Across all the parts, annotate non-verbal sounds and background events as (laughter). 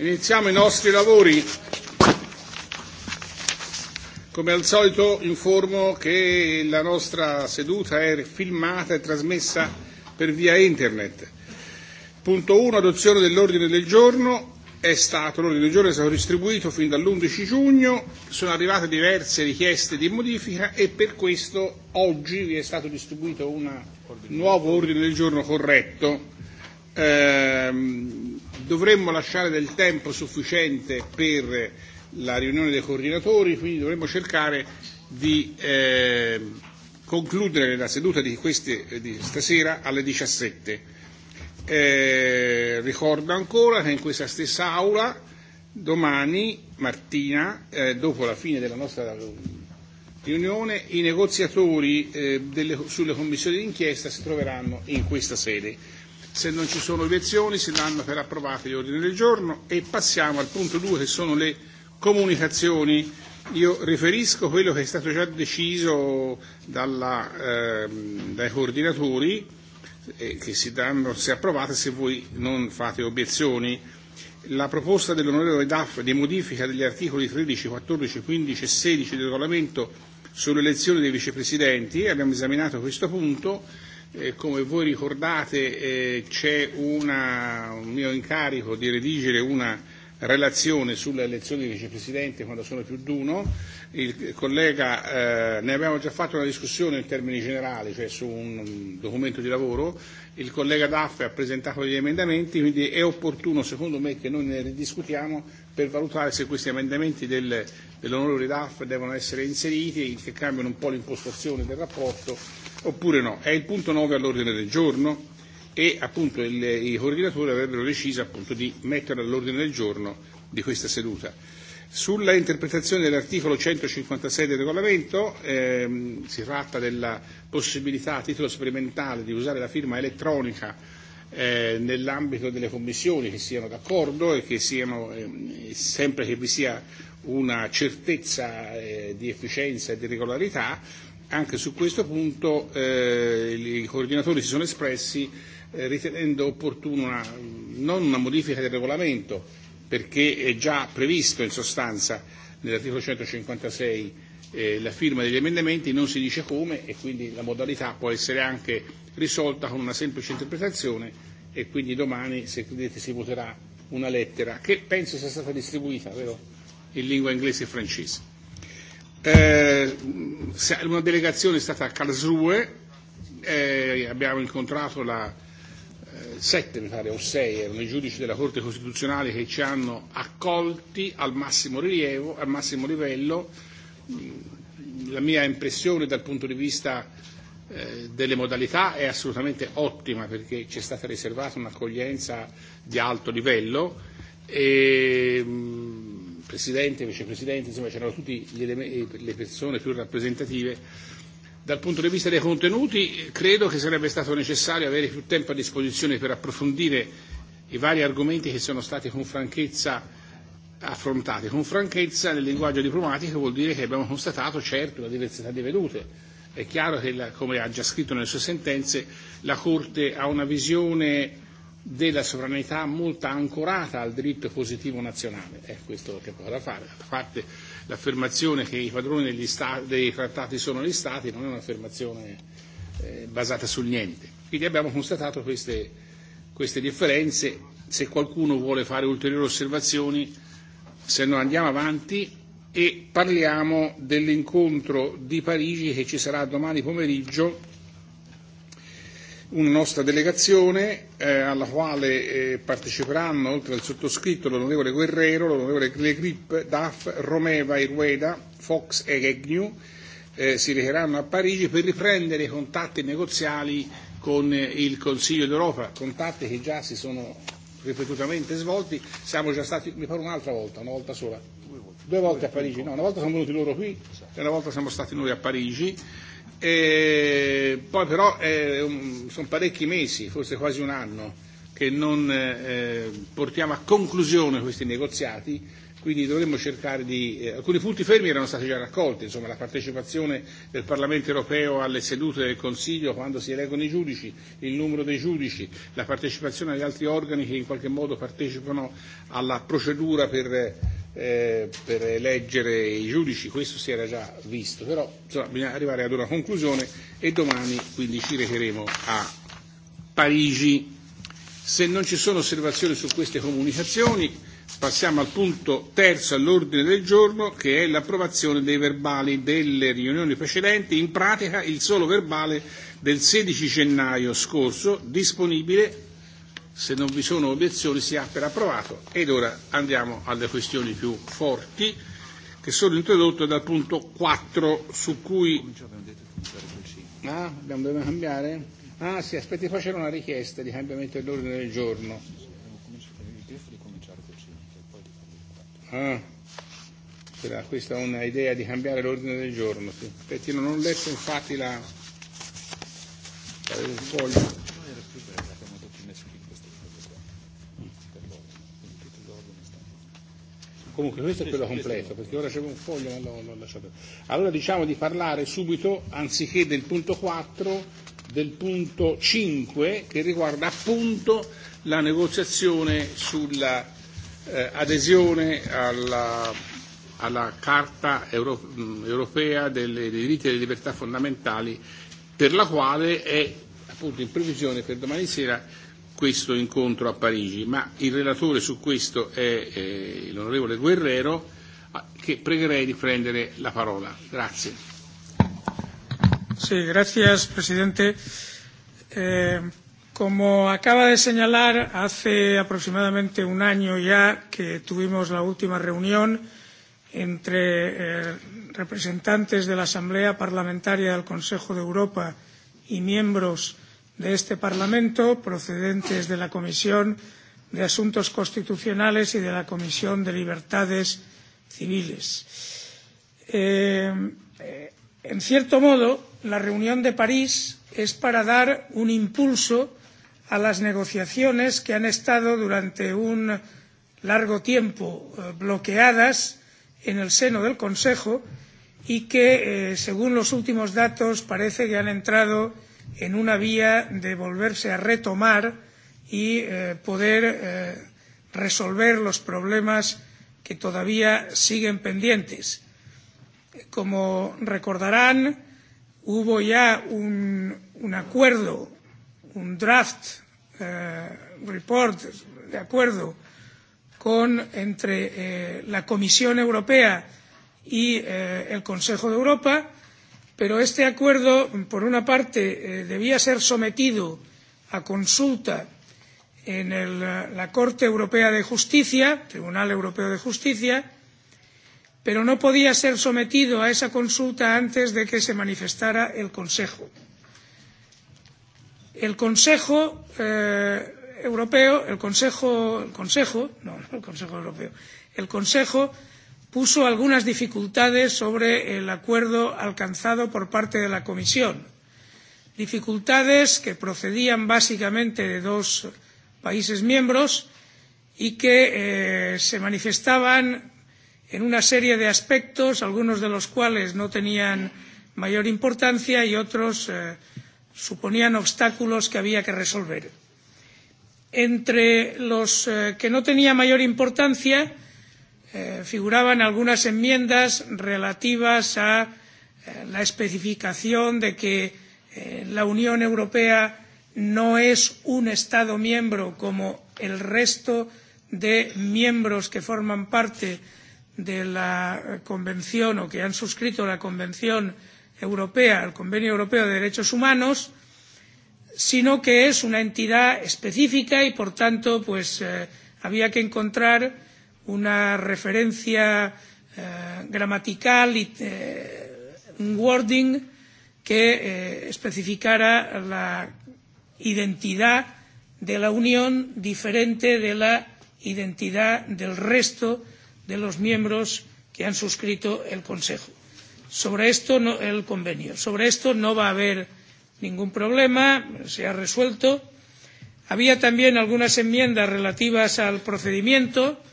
Iniziamo i nostri lavori. Come al solito informo che la nostra seduta è filmata e trasmessa per via internet. Punto 1, adozione dell'ordine del giorno. È stato, l'ordine del giorno è stato distribuito fin dall'11 giugno, sono arrivate diverse richieste di modifica e per questo oggi vi è stato distribuito un nuovo ordine del giorno corretto. Ehm, dovremmo lasciare del tempo sufficiente per la riunione dei coordinatori, quindi dovremmo cercare di eh, concludere la seduta di, queste, di stasera alle 17. Eh, ricordo ancora che in questa stessa aula domani mattina, eh, dopo la fine della nostra eh, riunione, i negoziatori eh, delle, sulle commissioni d'inchiesta si troveranno in questa sede. Se non ci sono obiezioni si danno per approvati gli ordini del giorno e passiamo al punto 2 che sono le comunicazioni. Io riferisco quello che è stato già deciso dalla, eh, dai coordinatori eh, che si danno se approvate se voi non fate obiezioni. La proposta dell'onorevole Daff di modifica degli articoli 13, 14, 15 e 16 del regolamento sull'elezione dei vicepresidenti, abbiamo esaminato questo punto Eh, come voi ricordate eh, c'è una, un mio incarico di redigere una relazione sulle elezioni di vicepresidente quando sono più d'uno. Il collega, eh, ne abbiamo già fatto una discussione in termini generali, cioè su un documento di lavoro, il collega Daff ha presentato degli emendamenti, quindi è opportuno secondo me che noi ne ridiscutiamo per valutare se questi emendamenti del dell'onorevole Daff devono essere inseriti e che cambiano un po' l'impostazione del rapporto oppure no. È il punto 9 all'ordine del giorno e appunto il, i coordinatori avrebbero deciso appunto di metterlo all'ordine del giorno di questa seduta. Sulla interpretazione dell'articolo 156 del regolamento ehm, si tratta della possibilità a titolo sperimentale di usare la firma elettronica eh, nell'ambito delle commissioni che siano d'accordo e che siano, ehm, sempre che vi sia una certezza eh, di efficienza e di regolarità, anche su questo punto eh, i coordinatori si sono espressi eh, ritenendo opportuna una, non una modifica del regolamento, perché è già previsto in sostanza nell'articolo 156 eh, la firma degli emendamenti, non si dice come e quindi la modalità può essere anche risolta con una semplice interpretazione e quindi domani, se credete, si voterà una lettera che penso sia stata distribuita, vero? in lingua inglese e francese. Eh, una delegazione è stata a Karlsruhe, eh, abbiamo incontrato la, eh, sette mi pare o sei erano i giudici della Corte Costituzionale che ci hanno accolti al massimo rilievo, al massimo livello. Mm, la mia impressione dal punto di vista eh, delle modalità è assolutamente ottima perché ci è stata riservata un'accoglienza di alto livello e mh, mm, Presidente, Vicepresidente, insomma c'erano tutte eh, le persone più rappresentative. Dal punto di vista dei contenuti credo che sarebbe stato necessario avere più tempo a disposizione per approfondire i vari argomenti che sono stati con franchezza affrontati. Con franchezza nel linguaggio diplomatico vuol dire che abbiamo constatato certo la diversità di vedute. È chiaro che, la, come ha già scritto nelle sue sentenze, la Corte ha una visione della sovranità molto ancorata al diritto positivo nazionale. È questo che poi da fare. A parte l'affermazione che i padroni degli sta- dei trattati sono gli Stati non è un'affermazione eh, basata sul niente. Quindi abbiamo constatato queste, queste differenze. Se qualcuno vuole fare ulteriori osservazioni, se no andiamo avanti e parliamo dell'incontro di Parigi che ci sarà domani pomeriggio una nostra delegazione eh, alla quale eh, parteciperanno, oltre al sottoscritto, l'onorevole Guerrero, l'onorevole Legrip, Daff, Romeva, Irueda, Fox e Egnew, eh, si recheranno a Parigi per riprendere i contatti negoziali con eh, il Consiglio d'Europa, contatti che già si sono ripetutamente svolti, siamo già stati, mi pare un'altra volta, una volta sola, due volte a Parigi, no, una volta sono venuti loro qui e una volta siamo stati noi a Parigi Eh, poi però eh, un, sono parecchi mesi, forse quasi un anno, che non eh, eh, portiamo a conclusione questi negoziati, quindi dovremmo cercare di... Eh, alcuni punti fermi erano stati già raccolti, insomma la partecipazione del Parlamento europeo alle sedute del Consiglio quando si eleggono i giudici, il numero dei giudici, la partecipazione agli altri organi che in qualche modo partecipano alla procedura per... Eh, eh, per eleggere i giudici, questo si era già visto, però insomma, bisogna arrivare ad una conclusione e domani quindi ci recheremo a Parigi. Se non ci sono osservazioni su queste comunicazioni, passiamo al punto terzo all'ordine del giorno, che è l'approvazione dei verbali delle riunioni precedenti, in pratica il solo verbale del 16 gennaio scorso, disponibile Se non vi sono obiezioni si ha per approvato. Ed ora andiamo alle questioni più forti che sono introdotte dal punto 4 su cui... Ah, abbiamo dovuto cambiare? Ah sì, aspetti, poi c'era una richiesta di cambiamento dell'ordine del giorno. Ah, c'era questa un'idea di cambiare l'ordine del giorno. Aspetti, non ho letto infatti la... Il foglio. Comunque questo è quello completo, perché ora c'è un foglio, ma l'ho, l'ho lasciato. Allora diciamo di parlare subito, anziché del punto 4, del punto 5, che riguarda appunto la negoziazione sulla eh, adesione alla, alla Carta Euro- mm, europea delle, dei diritti e delle libertà fondamentali, per la quale è appunto in previsione per domani sera questo incontro a Parigi, ma il relatore su questo è eh, l'onorevole Guerrero, che pregherei di prendere la parola. Grazie. Sí, gracias, presidente. Eh, como acaba de señalar, hace aproximadamente un año ya que tuvimos la última reunión entre eh, representantes de la Asamblea Parlamentaria del Consejo de Europa y miembros de este Parlamento procedentes de la Comisión de Asuntos Constitucionales y de la Comisión de Libertades Civiles. Eh, eh, en cierto modo, la reunión de París es para dar un impulso a las negociaciones que han estado durante un largo tiempo eh, bloqueadas en el seno del Consejo y que, eh, según los últimos datos, parece que han entrado eh, en una vía de volverse a retomar y eh, poder eh, resolver los problemas que todavía siguen pendientes. Como recordarán, hubo ya un, un acuerdo, un draft eh, report de acuerdo con, entre eh, la Comisión Europea y eh, el Consejo de Europa pero este acuerdo por una parte eh, debía ser sometido a consulta en el, la Corte Europea de Justicia, Tribunal Europeo de Justicia, pero no podía ser sometido a esa consulta antes de que se manifestara el Consejo. El Consejo eh, Europeo, el Consejo, el Consejo, no, no (laughs) el Consejo Europeo, el Consejo eh, puso algunas dificultades sobre el acuerdo alcanzado por parte de la comisión dificultades que procedían básicamente de dos países miembros y que eh, se manifestaban en una serie de aspectos algunos de los cuales no tenían mayor importancia y otros eh, suponían obstáculos que había que resolver. Entre los eh, que no tenían mayor importancia eh, figuraban algunas enmiendas relativas a eh, la especificación de que eh, la Unión Europea no es un Estado miembro como el resto de miembros que forman parte de la Convención o que han suscrito la Convención Europea, el Convenio Europeo de Derechos Humanos, sino que es una entidad específica y, por tanto, pues, eh, había que encontrar una referencia eh, gramatical y eh, un wording que eh, especificara la identidad de la Unión diferente de la identidad del resto de los miembros que han suscrito el Consejo. Sobre esto no, el convenio. Sobre esto no va a haber ningún problema, se ha resuelto. Había también algunas enmiendas relativas al procedimiento. Eh,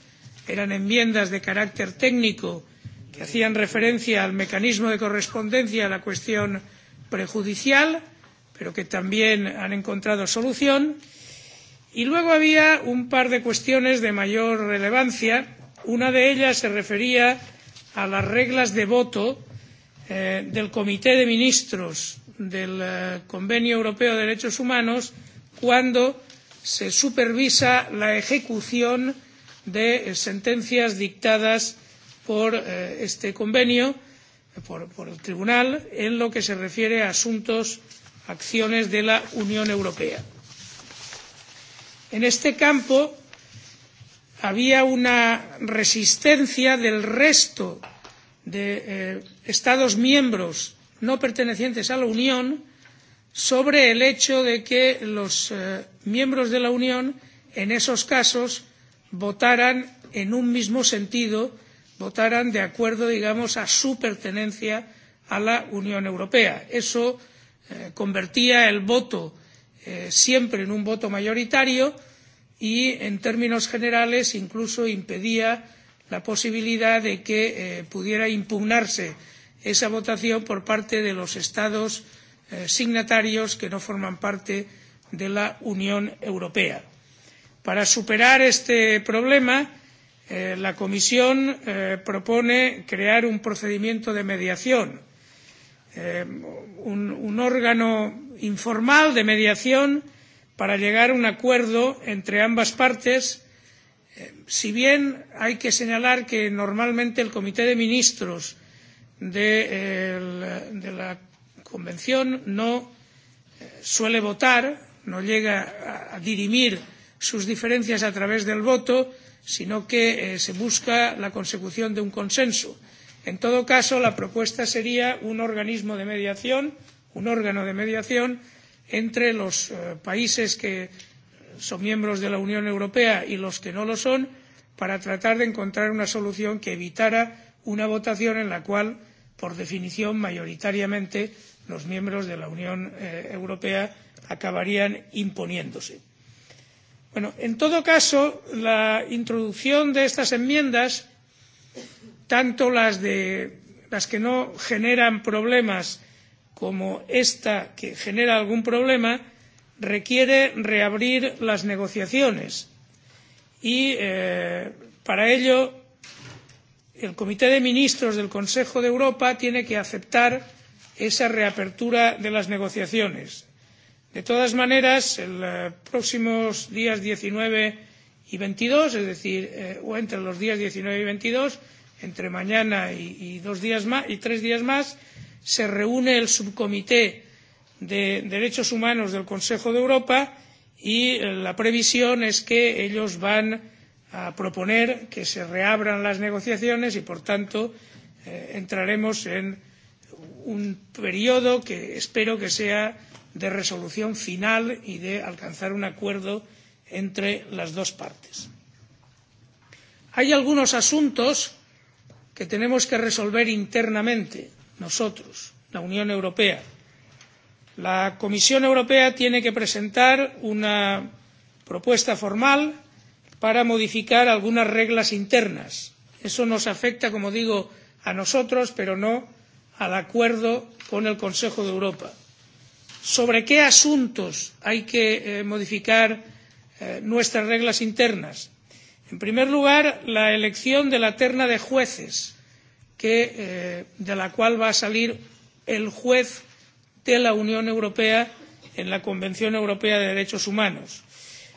eran enmiendas de carácter técnico que hacían referencia al mecanismo de correspondencia a la cuestión prejudicial pero que también han encontrado solución y luego había un par de cuestiones de mayor relevancia una de ellas se refería a las reglas de voto eh, del comité de ministros del eh, convenio europeo de derechos humanos cuando se supervisa la ejecución de eh, sentencias dictadas por eh, este convenio, eh, por, por el Tribunal, en lo que se refiere a asuntos, acciones de la Unión Europea. En este campo había una resistencia del resto de eh, Estados miembros no pertenecientes a la Unión sobre el hecho de que los eh, miembros de la Unión en esos casos votaran en un mismo sentido, votaran de acuerdo, digamos, a su pertenencia a la Unión Europea. Eso eh, convertía el voto eh, siempre en un voto mayoritario y, en términos generales, incluso impedía la posibilidad de que eh, pudiera impugnarse esa votación por parte de los Estados eh, signatarios que no forman parte de la Unión Europea Para superar este problema, eh, la Comisión eh, propone crear un procedimiento de mediación, eh, un, un órgano informal de mediación para llegar a un acuerdo entre ambas partes, eh, si bien hay que señalar que normalmente el Comité de Ministros de, eh, la, de la Convención no eh, suele votar, no llega a, a dirimir sus diferencias a través del voto sino que eh, se busca la consecución de un consenso. en todo caso la propuesta sería un organismo de mediación un órgano de mediación entre los eh, países que son miembros de la unión europea y los que no lo son para tratar de encontrar una solución que evitara una votación en la cual por definición mayoritariamente los miembros de la unión eh, europea acabarían imponiéndose Bueno, en todo caso, la introducción de estas enmiendas, tanto las, de, las que no generan problemas como esta que genera algún problema, requiere reabrir las negociaciones. Y eh, para ello, el Comité de Ministros del Consejo de Europa tiene que aceptar esa reapertura de las negociaciones de todas maneras en los eh, próximos días diecinueve y veintidós es decir eh, o entre los días diecinueve y veintidós entre mañana y, y, dos días más, y tres días más se reúne el subcomité de derechos humanos del consejo de europa y eh, la previsión es que ellos van a proponer que se reabran las negociaciones y por tanto eh, entraremos en un periodo que espero que sea de resolución final y de alcanzar un acuerdo entre las dos partes. Hay algunos asuntos que tenemos que resolver internamente nosotros, la Unión Europea. La Comisión Europea tiene que presentar una propuesta formal para modificar algunas reglas internas. Eso nos afecta, como digo, a nosotros, pero no al acuerdo con el Consejo de Europa sobre qué asuntos hay que eh, modificar eh, nuestras reglas internas. En primer lugar, la elección de la terna de jueces, que, eh, de la cual va a salir el juez de la Unión Europea en la Convención Europea de Derechos Humanos.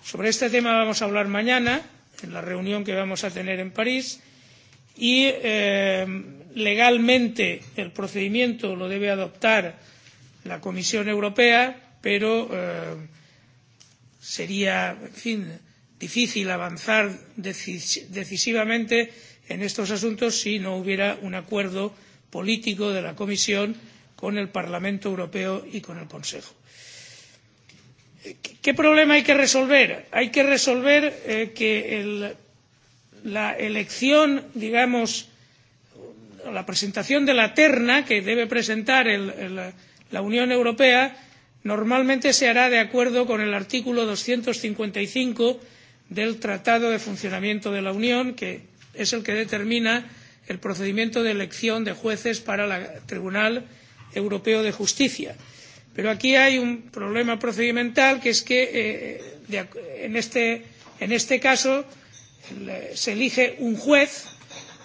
Sobre este tema vamos a hablar mañana, en la reunión que vamos a tener en París, y eh, legalmente el procedimiento lo debe adoptar la Comisión Europea, pero eh, sería, en fin, difícil avanzar decis decisivamente en estos asuntos si no hubiera un acuerdo político de la Comisión con el Parlamento Europeo y con el Consejo. ¿Qué problema hay que resolver? Hay que resolver eh, que el, la elección, digamos, la presentación de la terna que debe presentar el, el, la unión europea normalmente se hará de acuerdo con el artículo doscientos cincuenta y cinco del tratado de funcionamiento de la unión que es el que determina el procedimiento de elección de jueces para el tribunal europeo de justicia pero aquí hay un problema procedimental que es que eh, de, en, este, en este caso se elige un juez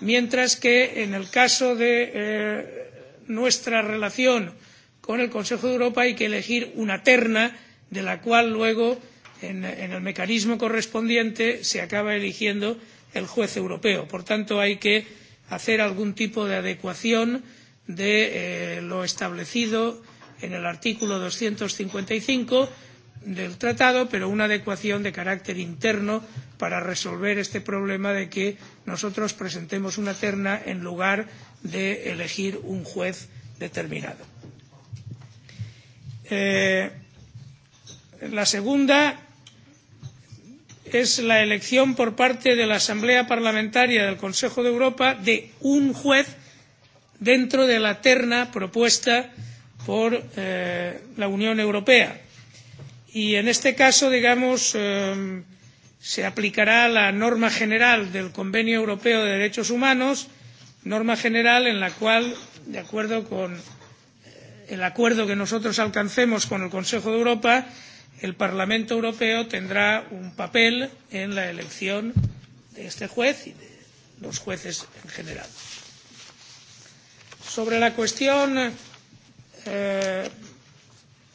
mientras que en el caso de eh, nuestra relación con el Consejo de Europa hay que elegir una terna de la cual luego, en, en el mecanismo correspondiente, se acaba eligiendo el juez europeo. Por tanto, hay que hacer algún tipo de adecuación de eh, lo establecido en el artículo 255 del tratado, pero una adecuación de carácter interno para resolver este problema de que nosotros presentemos una terna en lugar de elegir un juez determinado. Eh, la segunda es la elección por parte de la Asamblea Parlamentaria del Consejo de Europa de un juez dentro de la terna propuesta por eh, la Unión Europea. Y en este caso, digamos, eh, se aplicará la norma general del Convenio Europeo de Derechos Humanos, norma general en la cual, de acuerdo con el acuerdo que nosotros alcancemos con el Consejo de Europa, el Parlamento Europeo tendrá un papel en la elección de este juez y de los jueces en general. Sobre la cuestión eh,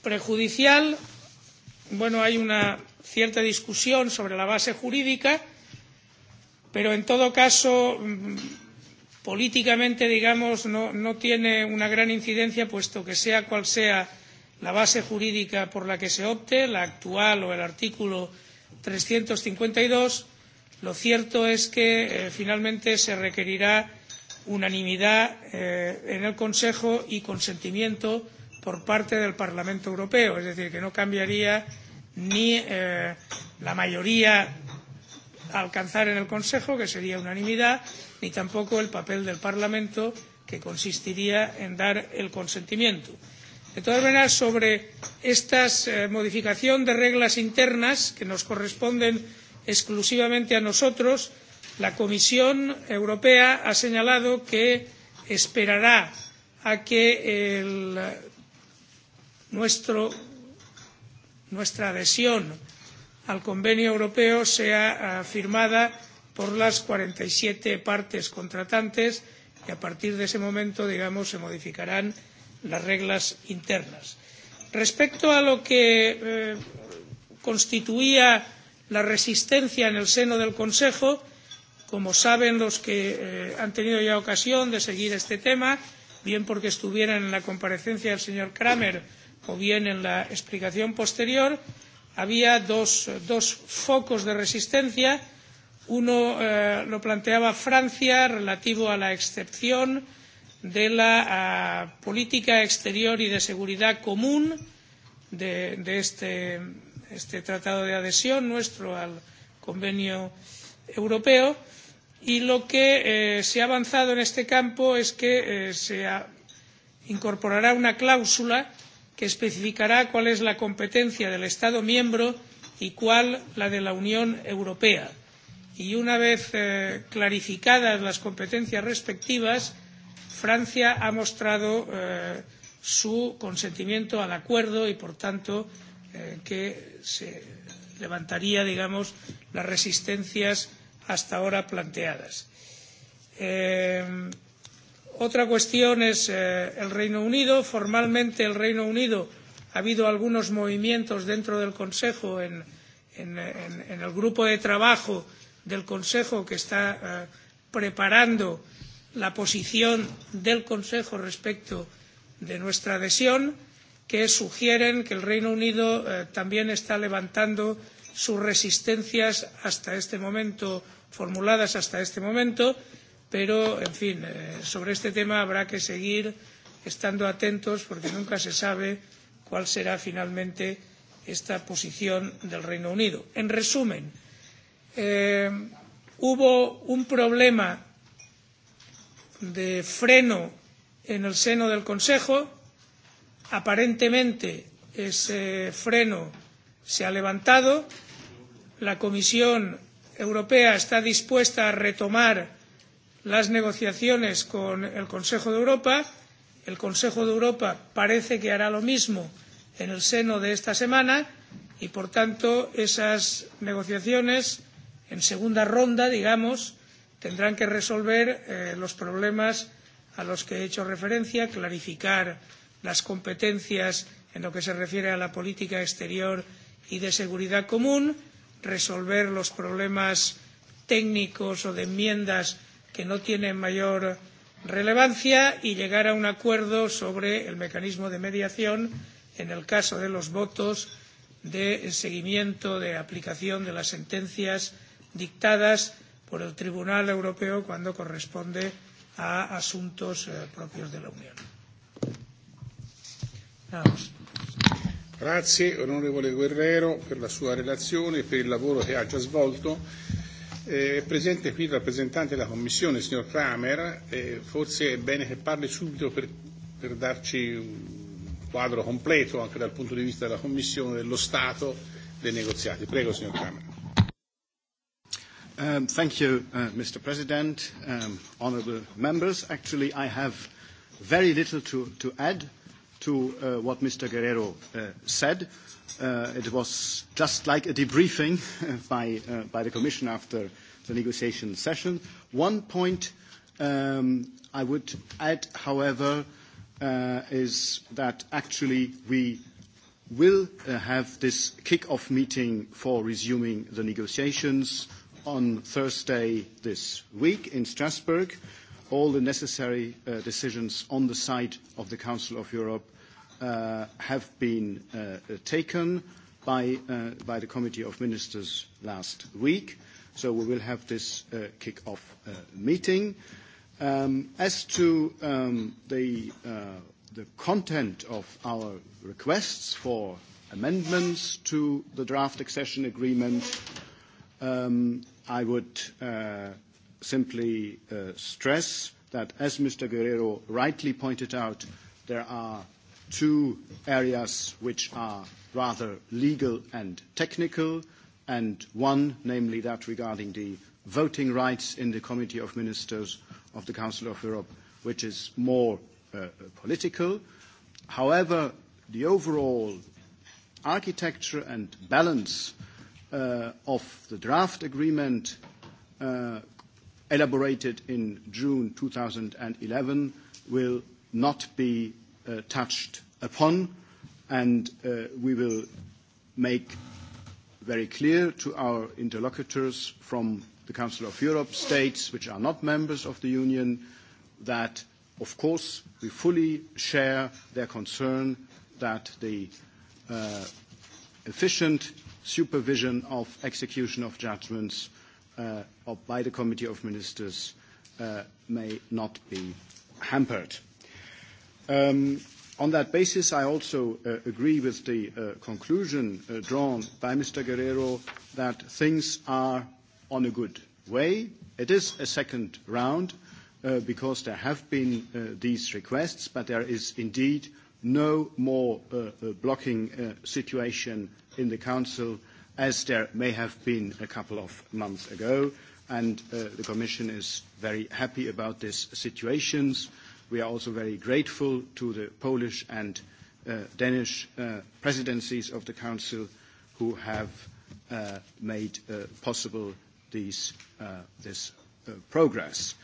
prejudicial, bueno, hay una cierta discusión sobre la base jurídica, pero en todo caso. Mmm, políticamente, digamos, no, no tiene una gran incidencia, puesto que sea cual sea la base jurídica por la que se opte, la actual o el artículo 352, lo cierto es que eh, finalmente se requerirá unanimidad eh, en el Consejo y consentimiento por parte del Parlamento Europeo, es decir, que no cambiaría ni eh, la mayoría a alcanzar en el Consejo, que sería unanimidad, ni tampoco el papel del Parlamento, que consistiría en dar el consentimiento. De todas maneras, sobre esta eh, modificación de reglas internas que nos corresponden exclusivamente a nosotros, la Comisión Europea ha señalado que esperará a que el, nuestro, nuestra adhesión al convenio europeo sea uh, firmada por las cuarenta y siete partes contratantes y a partir de ese momento digamos se modificarán las reglas internas. respecto a lo que eh, constituía la resistencia en el seno del consejo como saben los que eh, han tenido ya ocasión de seguir este tema bien porque estuvieran en la comparecencia del señor cramer o bien en la explicación posterior había dos, dos focos de resistencia Uno eh, lo planteaba Francia relativo a la excepción de la a, ah, política exterior y de seguridad común de, de este, este tratado de adhesión nuestro al convenio europeo y lo que eh, se ha avanzado en este campo es que eh, se ha, incorporará una cláusula que especificará cuál es la competencia del Estado miembro y cuál la de la Unión Europea y una vez eh, clarificadas las competencias respectivas, Francia ha mostrado eh, su consentimiento al acuerdo y, por tanto, eh, que se levantaría, digamos, las resistencias hasta ahora planteadas. Eh, otra cuestión es eh, el Reino Unido. Formalmente, el Reino Unido ha habido algunos movimientos dentro del Consejo en, en, en, en el grupo de trabajo eh, del Consejo que está eh, preparando la posición del Consejo respecto de nuestra adhesión, que sugieren que el Reino Unido eh, también está levantando sus resistencias hasta este momento, formuladas hasta este momento, pero, en fin, eh, sobre este tema habrá que seguir estando atentos porque nunca se sabe cuál será finalmente esta posición del Reino Unido. En resumen, eh, eh, hubo un problema de freno en el seno del Consejo. Aparentemente ese freno se ha levantado. La Comisión Europea está dispuesta a retomar las negociaciones con el Consejo de Europa. El Consejo de Europa parece que hará lo mismo en el seno de esta semana y, por tanto, esas negociaciones en segunda ronda digamos tendrán que resolver eh, los problemas a los que he hecho referencia clarificar las competencias en lo que se refiere a la política exterior y de seguridad común resolver los problemas técnicos o de enmiendas que no tienen mayor relevancia y llegar a un acuerdo sobre el mecanismo de mediación en el caso de los votos de seguimiento de aplicación de las sentencias dictadas por el Tribunal Europeo cuando corresponde a asuntos eh, propios de la Unión. Nada más. Grazie onorevole Guerrero per la sua relazione e per il lavoro che ha già svolto. Eh, è eh, presente qui il rappresentante della Commissione, signor Kramer, eh, forse è bene che parli subito per, per darci un quadro completo anche dal punto di vista della Commissione, dello Stato dei negoziati. Prego, signor Kramer. Um, thank you, uh, Mr. President, um, honourable members. Actually, I have very little to, to add to uh, what Mr. Guerrero uh, said. Uh, it was just like a debriefing uh, by, uh, by the Commission after the negotiation session. One point um, I would add, however, uh, is that actually we will uh, have this kick-off meeting for resuming the negotiations uh, on Thursday this week in Strasbourg. All the necessary uh, decisions on the side of the Council of Europe uh, have been uh, taken by, uh, by the Committee of Ministers last week. So we will have this uh, kick-off uh, meeting. Um, as to um, the, uh, the content of our requests for amendments to the draft accession agreement, Um, I would uh, simply uh, stress that, as Mr. Guerrero rightly pointed out, there are two areas which are rather legal and technical, and one, namely that regarding the voting rights in the Committee of Ministers of the Council of Europe, which is more uh, political. However, the overall architecture and balance uh, uh, of the draft agreement uh, elaborated in June 2011 will not be uh, touched upon, and uh, we will make very clear to our interlocutors from the Council of Europe, states which are not members of the Union, that, of course, we fully share their concern that the uh, efficient supervision of execution of judgments uh, of, by the Committee of Ministers uh, may not be hampered. Um, on that basis, I also uh, agree with the uh, conclusion uh, drawn by Mr. Guerrero that things are on a good way. It is a second round uh, because there have been uh, these requests, but there is indeed no more uh, uh blocking uh, situation in the Council, as there may have been a couple of months ago, and uh, the Commission is very happy about these situations. We are also very grateful to the Polish and uh, Danish uh, presidencies of the Council who have uh, made uh, possible these, uh, this uh, progress.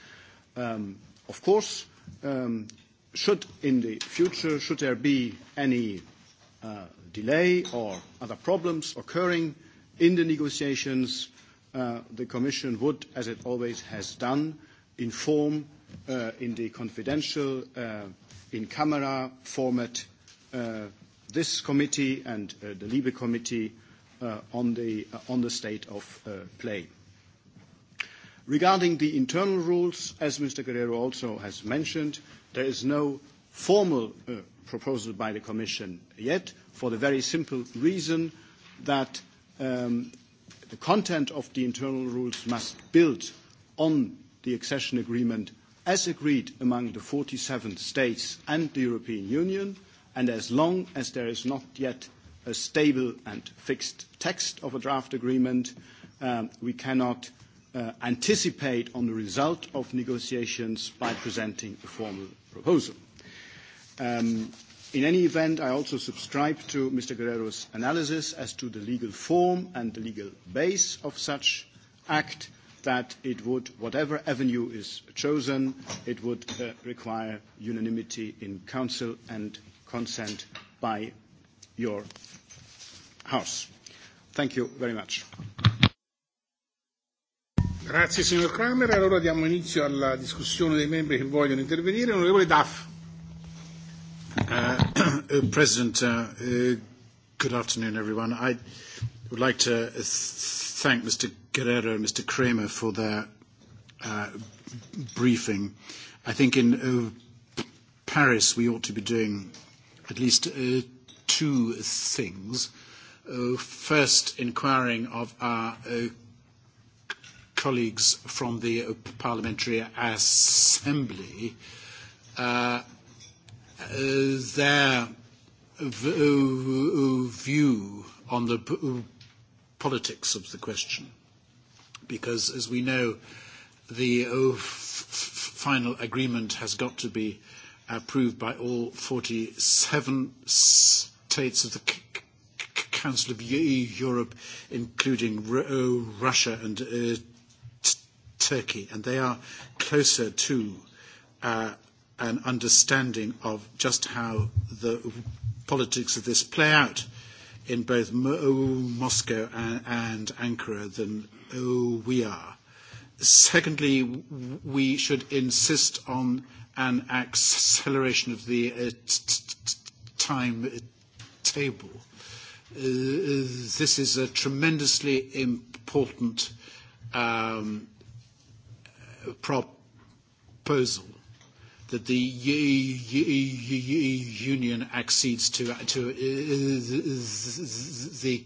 Um, of course, um, should in the future, should there be any uh, delay or other problems occurring in the negotiations, uh, the Commission would, as it always has done, inform uh, in the confidential uh, in camera format uh, this committee and uh, the Libe committee uh, on, the, uh, on the state of uh, play. Regarding the internal rules, as Mr. Guerrero also has mentioned, there is no formal uh, proposal by the Commission yet, for the very simple reason that um, the content of the internal rules must build on the accession agreement as agreed among the 47 states and the European Union, and as long as there is not yet a stable and fixed text of a draft agreement, um, we cannot uh, anticipate on the result of negotiations by presenting a formal proposal. Um, in any event, I also subscribe to Mr. Guerrero's analysis as to the legal form and the legal base of such act that it would, whatever avenue is chosen, it would uh, require unanimity in council and consent by your House. Thank you very much. Grazie signor Kramer. Allora diamo inizio alla discussione dei membri che vogliono intervenire. Onorevole Duff. Uh, (clears throat) uh, President, uh, uh, good afternoon, everyone. I would like to uh, th thank Mr. Guerrero and Mr. Kramer for their uh, briefing. I think in uh, Paris we ought to be doing at least uh, two things. Uh, first, inquiring of our uh, colleagues from the uh, Parliamentary Assembly uh, their uh, uh, view on the uh, politics of the question. Because, as we know, the oh, f- final agreement has got to be approved by all 47 states of the c- c- Council of e-, Europe, including R- oh, Russia and uh, t- Turkey, and they are closer to uh, an understanding of just how the politics of this play out in both Moscow and Ankara than we are. Secondly, we should insist on an acceleration of the uh, timetable. Uh, this is a tremendously important um, proposal that the union accedes to, to uh, the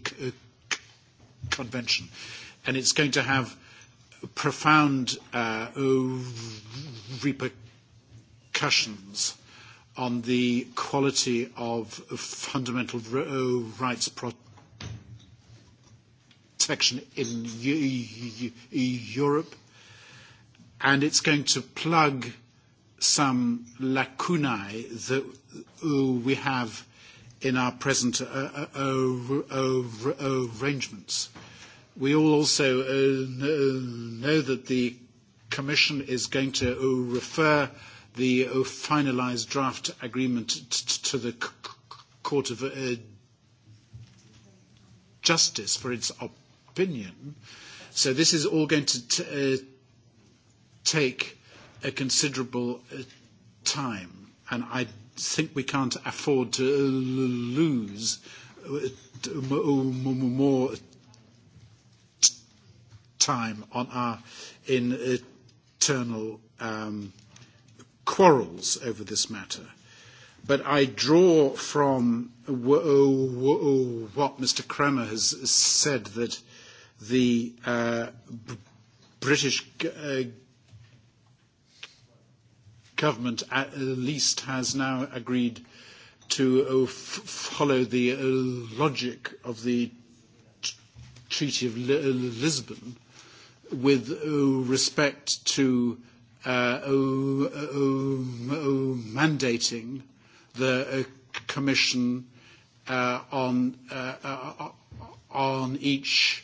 convention. And it's going to have profound uh, repercussions on the quality of fundamental uh, rights protection in Europe. And it's going to plug some lacunae that uh, we have in our present uh, uh, arrangements. We all also know that the Commission is going to refer the finalized draft agreement to the Court of Justice for its opinion. So this is all going to take a considerable uh, time, and I think we can't afford to uh, lose uh, uh, more time on our internal um, quarrels over this matter. But I draw from what Mr. Kramer has said that the uh, British uh, government at least has now agreed to uh, f- follow the uh, logic of the t- Treaty of Li- uh, Lisbon with uh, respect to uh, uh, uh, uh, mandating the uh, Commission uh, on, uh, uh, on each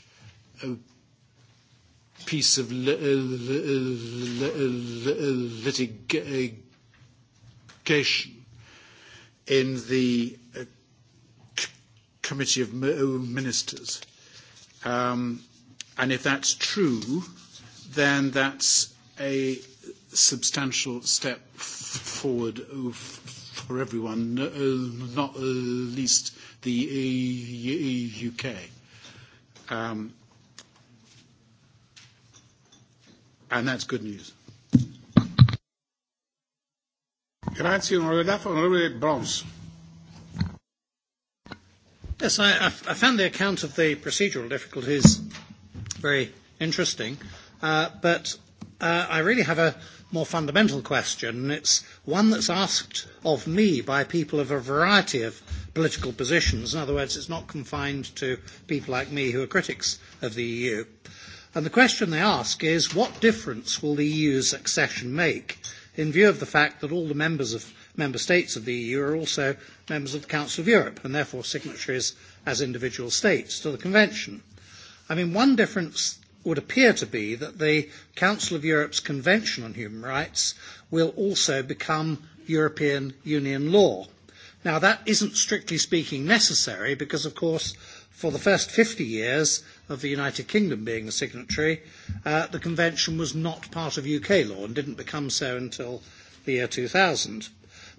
uh, piece of li- uh, li- uh, li- uh, litigation in the uh, c- Committee of Ministers. Um, and if that's true, then that's a substantial step f- forward for everyone, uh, not uh, least the uh, UK. Um, and that's good news. Grazie, onorevole Dafa. Onorevole Brons. Yes, I, I found the account of the procedural difficulties very interesting, uh, but uh, I really have a more fundamental question. and It's one that's asked of me by people of a variety of political positions. In other words, it's not confined to people like me who are critics of the EU. And the question they ask is, what difference will the EU's accession make in view of the fact that all the members of member states of the EU are also members of the Council of Europe and therefore signatories as individual states to the Convention? I mean, one difference would appear to be that the Council of Europe's Convention on Human Rights will also become European Union law. Now, that isn't strictly speaking necessary because, of course, for the first 50 years, of the United Kingdom being the signatory, uh, the convention was not part of UK law and didn't become so until the year 2000.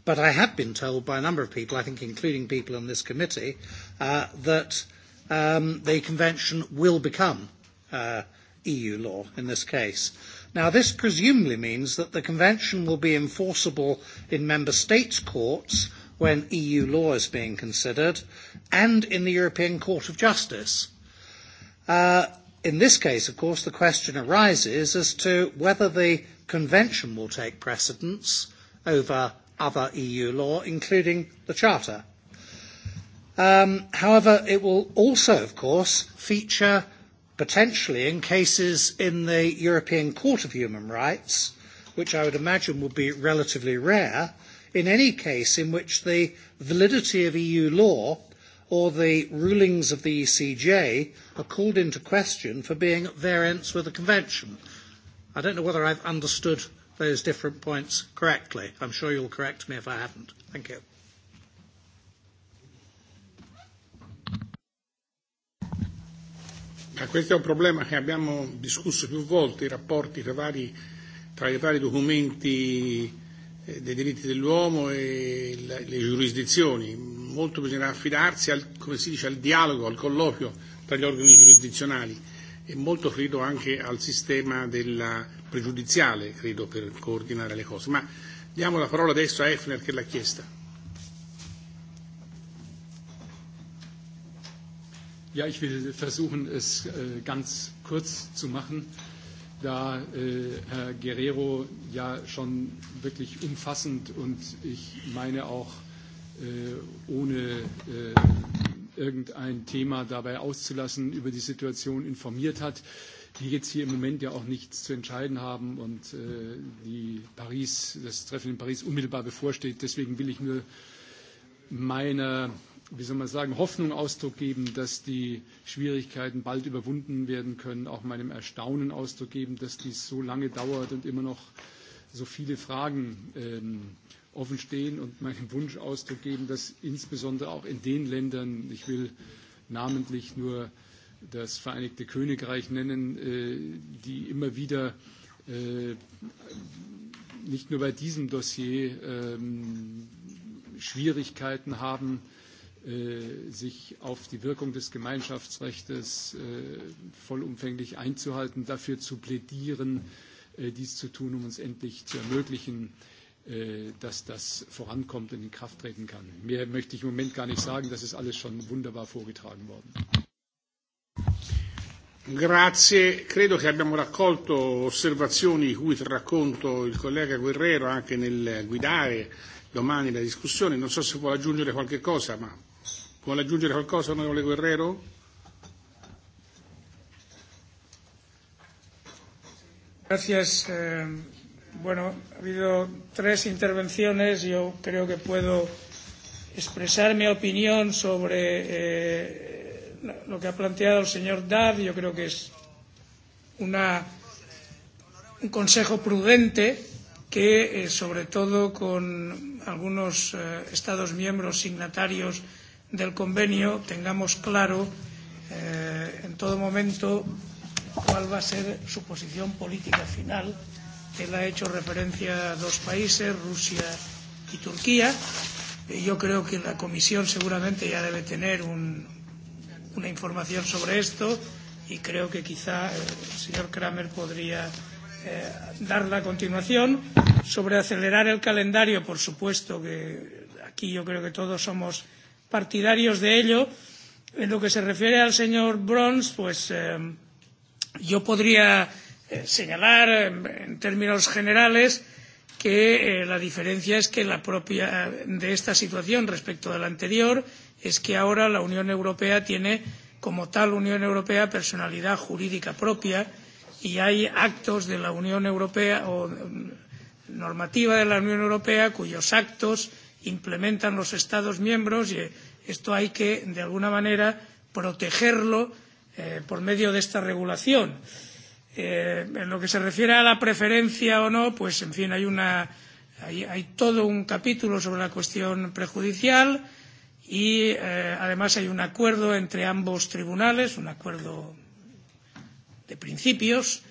But I have been told by a number of people, I think including people in this committee, uh, that um, the convention will become uh, EU law in this case. Now, this presumably means that the convention will be enforceable in member states' courts when EU law is being considered and in the European Court of Justice. Uh, in this case, of course, the question arises as to whether the Convention will take precedence over other EU law, including the Charter. Um, however, it will also, of course, feature potentially in cases in the European Court of Human Rights, which I would imagine would be relatively rare, in any case in which the validity of EU law or the rulings of the ECJ are called into question for being at variance with the Convention. I don't know whether I've understood those different points correctly. I'm sure you'll correct me if I haven't. Thank you. Ma questo è un problema che abbiamo discusso più volte, i rapporti tra, vari, tra i vari documenti eh, dei diritti dell'uomo e le giurisdizioni molto bisognerà affidarsi, al, come si dice, al dialogo, al colloquio tra gli organi giurisdizionali e molto credo anche al sistema della pregiudiziale, credo, per coordinare le cose. Ma diamo la parola adesso a Efner che l'ha chiesta. Ja, ich will versuchen, es äh, ganz kurz zu machen da äh, Herr Guerrero ja schon wirklich umfassend und ich meine auch Äh, ohne äh, irgendein Thema dabei auszulassen, über die Situation informiert hat, die jetzt hier im Moment ja auch nichts zu entscheiden haben und äh, die Paris, das Treffen in Paris unmittelbar bevorsteht. Deswegen will ich nur meiner wie soll man sagen, Hoffnung Ausdruck geben, dass die Schwierigkeiten bald überwunden werden können, auch meinem Erstaunen Ausdruck geben, dass dies so lange dauert und immer noch so viele Fragen ähm, offen stehen und meinen Wunsch Ausdruck geben, dass insbesondere auch in den Ländern, ich will namentlich nur das Vereinigte Königreich nennen, äh, die immer wieder äh, nicht nur bei diesem Dossier ähm, Schwierigkeiten haben, äh, sich auf die Wirkung des Gemeinschaftsrechts vollumfänglich einzuhalten, dafür zu plädieren, dies zu tun, um uns endlich zu ermöglichen, äh, Äh, dass das vorankommt und in Kraft treten kann. Mehr möchte ich im Moment gar nicht sagen, das ist alles schon wunderbar vorgetragen worden. Grazie, credo che abbiamo raccolto osservazioni di cui racconto il collega Guerrero anche nel guidare domani la discussione. Non so se vuole aggiungere qualche cosa, ma vuole aggiungere qualcosa onorevole Guerrero? Gracias, eh, Bueno, ha habido tres intervenciones. Yo creo que puedo expresar mi opinión sobre eh, lo que ha planteado el señor Dad. Yo creo que es una, un consejo prudente que, eh, sobre todo con algunos eh, Estados miembros signatarios del convenio, tengamos claro eh, en todo momento cuál va a ser su posición política final Él ha hecho referencia a dos países, Rusia y Turquía. Eh, yo creo que la Comisión seguramente ya debe tener un, una información sobre esto y creo que quizá eh, el señor Kramer podría eh, darla a continuación. Sobre acelerar el calendario, por supuesto que aquí yo creo que todos somos partidarios de ello. En lo que se refiere al señor Brons, pues eh, yo podría eh, señalar en términos generales que eh, la diferencia es que la propia de esta situación respecto de la anterior es que ahora la Unión Europea tiene como tal Unión Europea personalidad jurídica propia y hay actos de la Unión Europea o normativa de la Unión Europea cuyos actos implementan los Estados miembros y eh, esto hay que, de alguna manera, protegerlo eh, por medio de esta regulación. Eh, Eh, en lo que se refiere a la preferencia o no, pues en fin, hay, una, hay, hay todo un capítulo sobre la cuestión prejudicial y eh, además hay un acuerdo entre ambos tribunales, un acuerdo de principios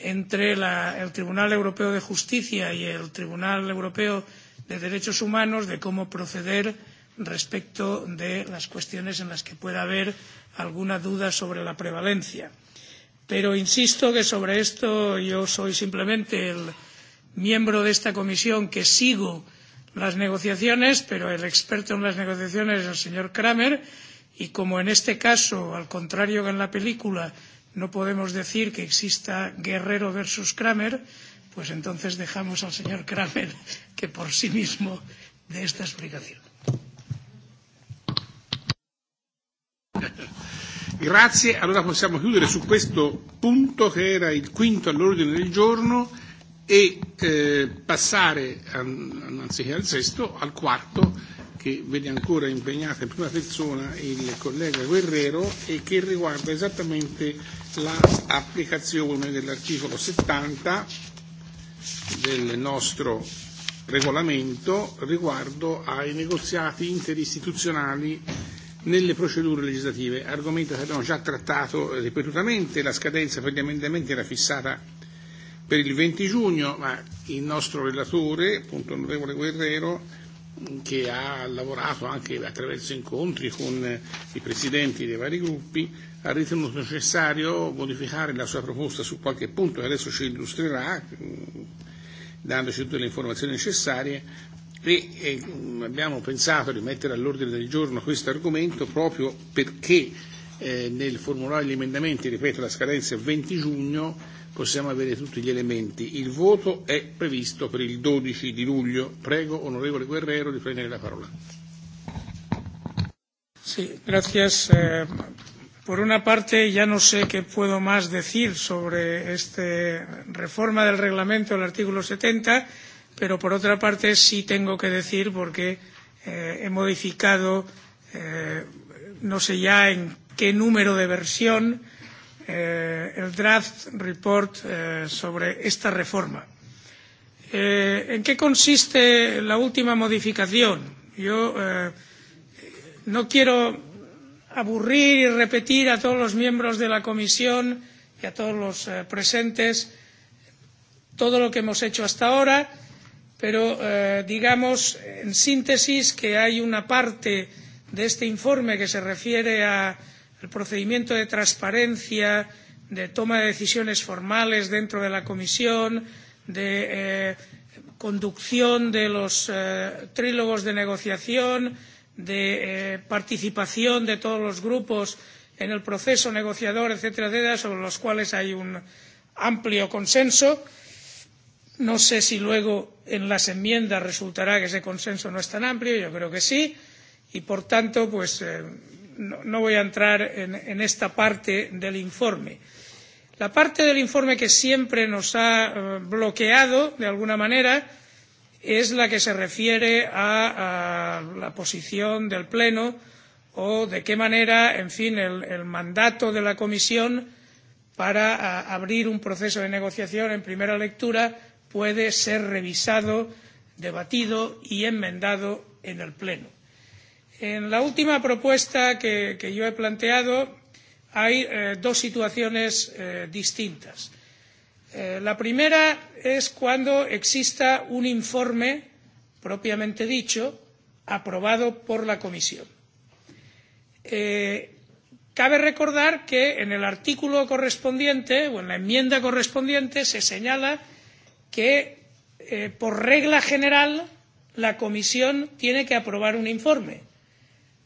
entre la, el Tribunal Europeo de Justicia y el Tribunal Europeo de Derechos Humanos de cómo proceder respecto de las cuestiones en las que pueda haber alguna duda sobre la prevalencia. Eh, Pero insisto que sobre esto yo soy simplemente el miembro de esta comisión que sigo las negociaciones, pero el experto en las negociaciones es el señor Kramer y como en este caso, al contrario que en la película, no podemos decir que exista Guerrero versus Kramer, pues entonces dejamos al señor Kramer que por sí mismo dé esta explicación. Grazie, allora possiamo chiudere su questo punto che era il quinto all'ordine del giorno e eh, passare, an, anziché al sesto, al quarto che vede ancora impegnata in prima persona il collega Guerrero e che riguarda esattamente l'applicazione la dell'articolo 70 del nostro regolamento riguardo ai negoziati interistituzionali nelle procedure legislative, argomento che abbiamo già trattato ripetutamente, la scadenza per gli emendamenti era fissata per il 20 giugno, ma il nostro relatore, appunto onorevole Guerrero, che ha lavorato anche attraverso incontri con i presidenti dei vari gruppi, ha ritenuto necessario modificare la sua proposta su qualche punto che adesso ci illustrerà, mm, dandoci tutte le informazioni necessarie, e eh, abbiamo pensato di mettere all'ordine del giorno questo argomento proprio perché eh, nel formulare gli emendamenti, ripeto, la scadenza è 20 giugno, possiamo avere tutti gli elementi. Il voto è previsto per il 12 di luglio. Prego, onorevole Guerrero, di prendere la parola. Sí, gracias. Eh, por una parte, ya no sé qué puedo más decir sobre esta reforma del reglamento del artículo 70 pero por otra parte sí tengo que decir, porque eh, he modificado, eh, no sé ya en qué número de versión, eh, el draft report eh, sobre esta reforma. Eh, ¿En qué consiste la última modificación? Yo eh, no quiero aburrir y repetir a todos los miembros de la comisión y a todos los eh, presentes todo lo que hemos hecho hasta ahora pero eh, digamos en síntesis que hay una parte de este informe que se refiere a, al procedimiento de transparencia de toma de decisiones formales dentro de la comisión de eh, conducción de los eh, trílogos de negociación de eh, participación de todos los grupos en el proceso negociador etcétera etcétera sobre los cuales hay un amplio consenso y No sé si luego en las enmiendas resultará que ese consenso no es tan amplio, yo creo que sí, y por tanto, pues eh, no, no voy a entrar en, en esta parte del informe. La parte del informe que siempre nos ha eh, bloqueado, de alguna manera, es la que se refiere a, a la posición del Pleno o de qué manera, en fin, el, el mandato de la Comisión para a, abrir un proceso de negociación en primera lectura puede ser revisado debatido y enmendado en el pleno. en la última propuesta que, que yo he planteado hay eh, dos situaciones eh, distintas. Eh, la primera es cuando exista un informe propiamente dicho aprobado por la comisión. Eh, cabe recordar que en el artículo correspondiente o en la enmienda correspondiente se señala que eh, por regla general la comisión tiene que aprobar un informe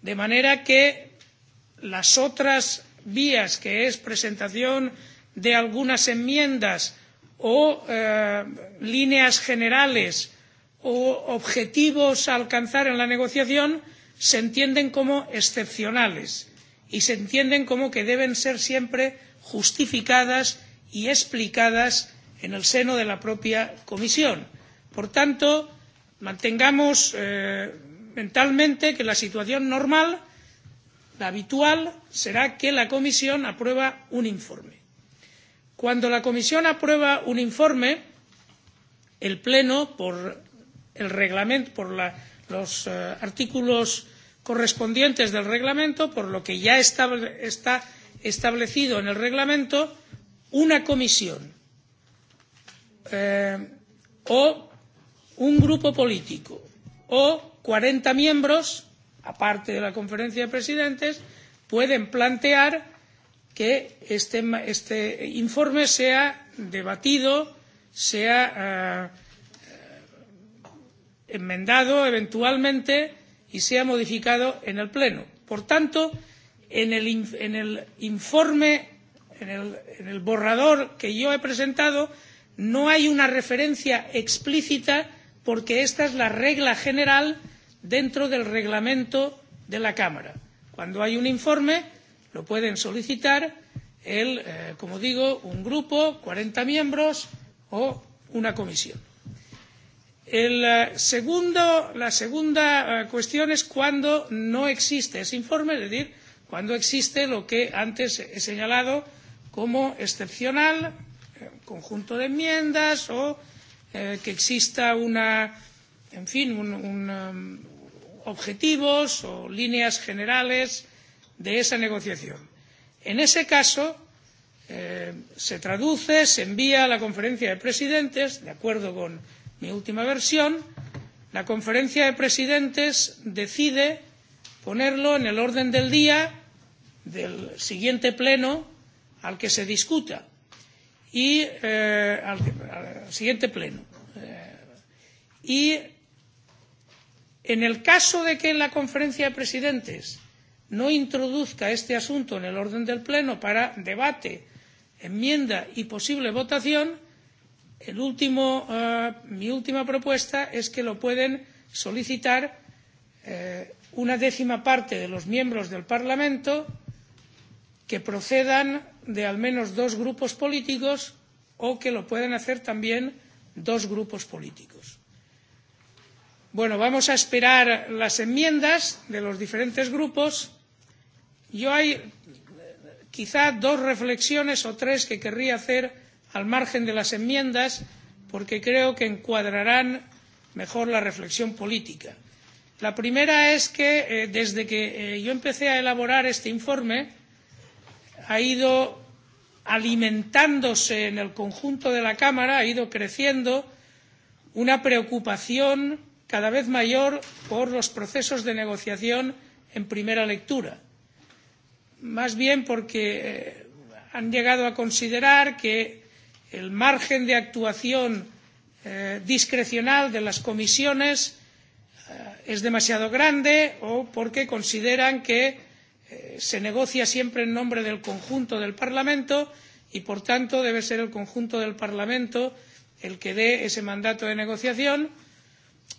de manera que las otras vías que es presentación de algunas enmiendas o eh, líneas generales o objetivos a alcanzar en la negociación se entienden como excepcionales y se entienden como que deben ser siempre justificadas y explicadas en el seno de la propia comisión. por tanto mantengamos eh, mentalmente que la situación normal la habitual será que la comisión aprueba un informe. cuando la comisión aprueba un informe el pleno por el reglamento por la, los eh, artículos correspondientes del reglamento por lo que ya está, está establecido en el reglamento una comisión eh, o un grupo político o cuarenta miembros aparte de la conferencia de presidentes pueden plantear que este, este informe sea debatido sea eh, enmendado eventualmente y sea modificado en el pleno. por tanto en el, en el informe en el, en el borrador que yo he presentado no hay una referencia explícita porque esta es la regla general dentro del reglamento de la Cámara. Cuando hay un informe, lo pueden solicitar, el, eh, como digo, un grupo, 40 miembros o una comisión. El, eh, segundo, la segunda eh, cuestión es cuando no existe ese informe, es decir, cuando existe lo que antes he señalado como excepcional, un conjunto de enmiendas o eh, que exista una, en fin, un, un, um, objetivos o líneas generales de esa negociación. En ese caso, eh, se traduce, se envía a la conferencia de presidentes, de acuerdo con mi última versión, la conferencia de presidentes decide ponerlo en el orden del día del siguiente pleno al que se discuta y eh, al, al siguiente pleno. Eh, y en el caso de que la conferencia de presidentes no introduzca este asunto en el orden del pleno para debate, enmienda y posible votación, el último, eh, mi última propuesta es que lo pueden solicitar eh, una décima parte de los miembros del Parlamento que procedan de al menos dos grupos políticos o que lo puedan hacer también dos grupos políticos. Bueno, vamos a esperar las enmiendas de los diferentes grupos. Yo hay eh, quizá dos reflexiones o tres que querría hacer al margen de las enmiendas porque creo que encuadrarán mejor la reflexión política. La primera es que eh, desde que eh, yo empecé a elaborar este informe ha ido alimentándose en el conjunto de la Cámara, ha ido creciendo una preocupación cada vez mayor por los procesos de negociación en primera lectura, más bien porque eh, han llegado a considerar que el margen de actuación eh, discrecional de las comisiones eh, es demasiado grande o porque consideran que eh, se negocia siempre en nombre del conjunto del Parlamento y, por tanto, debe ser el conjunto del Parlamento el que dé ese mandato de negociación,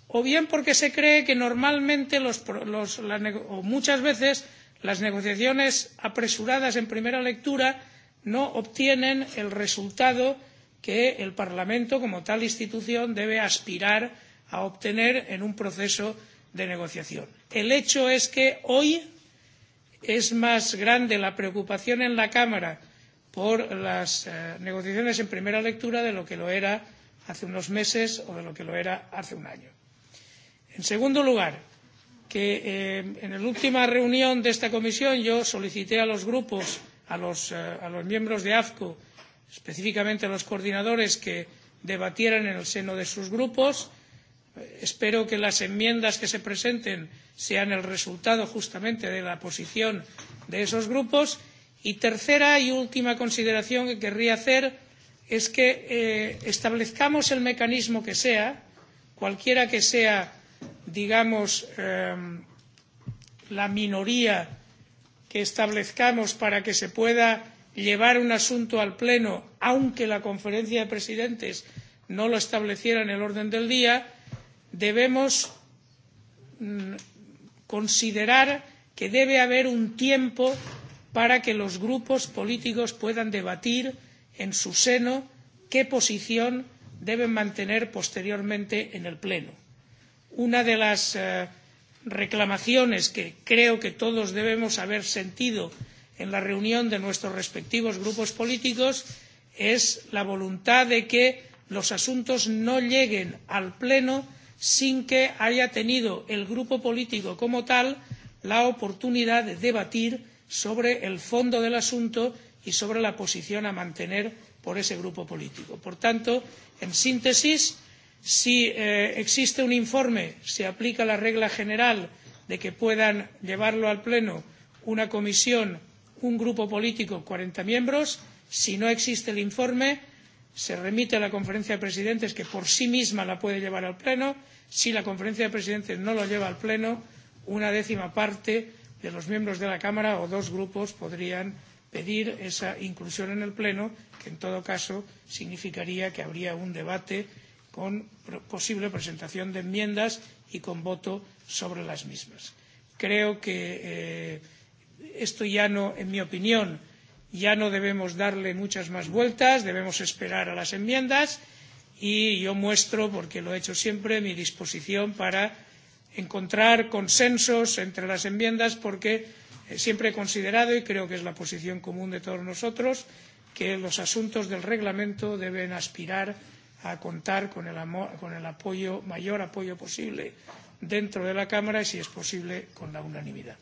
o bien porque se cree que normalmente los, los, la, o muchas veces las negociaciones apresuradas en primera lectura no obtienen el resultado que el Parlamento, como tal institución, debe aspirar a obtener en un proceso de negociación. El hecho es que hoy es más grande la preocupación en la Cámara por las eh, negociaciones en primera lectura de lo que lo era hace unos meses o de lo que lo era hace un año. En segundo lugar, que eh, en la última reunión de esta comisión yo solicité a los grupos, a los, eh, a los miembros de AFCO, específicamente a los coordinadores, que debatieran en el seno de sus grupos espero que las enmiendas que se presenten sean el resultado justamente de la posición de esos grupos y tercera y última consideración que querría hacer es que eh, establezcamos el mecanismo que sea cualquiera que sea digamos eh, la minoría que establezcamos para que se pueda llevar un asunto al pleno aunque la conferencia de presidentes no lo estableciera en el orden del día debemos mm, considerar que debe haber un tiempo para que los grupos políticos puedan debatir en su seno qué posición deben mantener posteriormente en el pleno. una de las eh, reclamaciones que creo que todos debemos haber sentido en la reunión de nuestros respectivos grupos políticos es la voluntad de que los asuntos no lleguen al pleno sin que haya tenido el grupo político como tal la oportunidad de debatir sobre el fondo del asunto y sobre la posición a mantener por ese grupo político. por tanto en síntesis si eh, existe un informe se aplica la regla general de que puedan llevarlo al pleno una comisión un grupo político cuarenta miembros si no existe el informe se remite a la conferencia de presidentes que por sí misma la puede llevar al pleno si la conferencia de presidentes no lo lleva al pleno una décima parte de los miembros de la cámara o dos grupos podrían pedir esa inclusión en el pleno que en todo caso significaría que habría un debate con posible presentación de enmiendas y con voto sobre las mismas. creo que eh, esto ya no en mi opinión ya no debemos darle muchas más vueltas debemos esperar a las enmiendas y yo muestro porque lo he hecho siempre mi disposición para encontrar consensos entre las enmiendas porque eh, siempre he considerado y creo que es la posición común de todos nosotros que los asuntos del reglamento deben aspirar a contar con el, con el apoyo, mayor apoyo posible dentro de la cámara y si es posible con la unanimidad.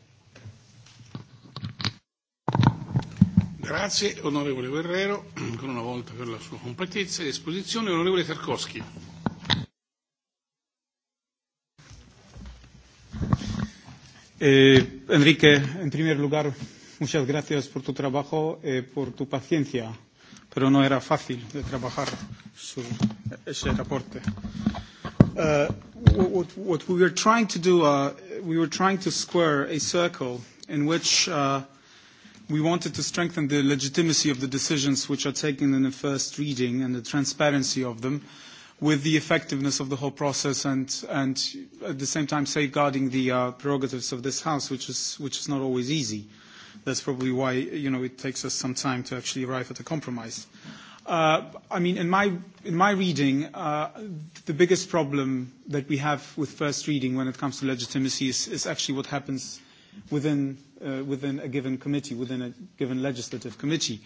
Grazie onorevole Guerrero, (clears throat) ancora una volta per la sua completezza e esposizione. Onorevole Tarkovsky. Eh, Enrique, en primer lugar, muchas gracias por tu trabajo, eh, por tu paciencia, pero no era fácil de trabajar su, ese reporte. Uh, what, what we were trying to do, uh, we were trying to square a circle in which uh, we wanted to strengthen the legitimacy of the decisions which are taken in the first reading and the transparency of them with the effectiveness of the whole process and, and at the same time safeguarding the uh, prerogatives of this House, which is, which is not always easy. That's probably why you know, it takes us some time to actually arrive at a compromise. Uh, I mean, in my, in my reading, uh, the biggest problem that we have with first reading when it comes to legitimacy is, is actually what happens within, uh, within a given committee, within a given legislative committee.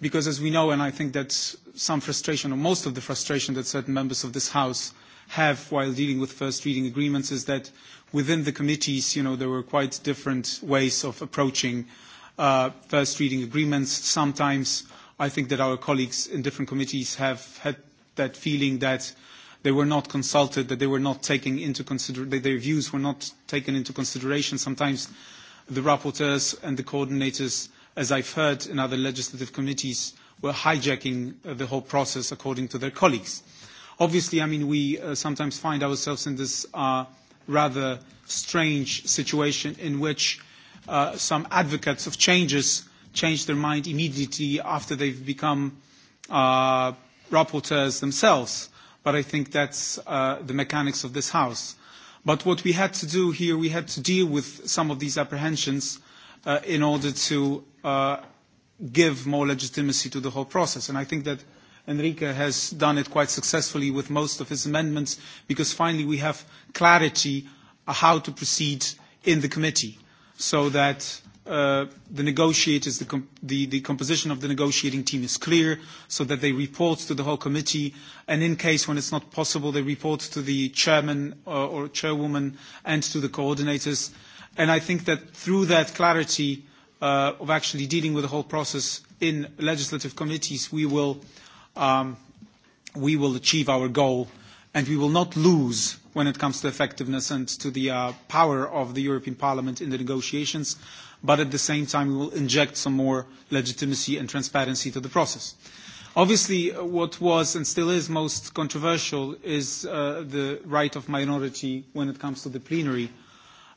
Because as we know, and I think that some frustration, or most of the frustration that certain members of this House have while dealing with first reading agreements is that within the committees, you know, there were quite different ways of approaching uh, first reading agreements. Sometimes I think that our colleagues in different committees have had that feeling that uh, they were not consulted, that they were not taking into consideration, their views were not taken into consideration. Sometimes the rapporteurs and the coordinators, as I've heard in other legislative committees, were hijacking uh, the whole process according to their colleagues. Obviously, I mean, we uh, sometimes find ourselves in this uh, rather strange situation in which uh, some advocates of changes change their mind immediately after they've become uh, rapporteurs themselves but I think that's uh, the mechanics of this House. But what we had to do here, we had to deal with some of these apprehensions uh, in order to uh, give more legitimacy to the whole process. And I think that Enrique has done it quite successfully with most of his amendments because finally we have clarity uh, how to proceed in the committee so that uh, the negotiators, the, com- the, the composition of the negotiating team is clear so that they report to the whole committee. And in case when it's not possible, they report to the chairman uh, or chairwoman and to the coordinators. And I think that through that clarity uh, of actually dealing with the whole process in legislative committees, we will, um, we will achieve our goal and we will not lose when it comes to effectiveness and to the uh, power of the European Parliament in the negotiations. Uh, but at the same time, we will inject some more legitimacy and transparency to the process. Obviously, what was and still is most controversial is uh, the right of minority when it comes to the plenary.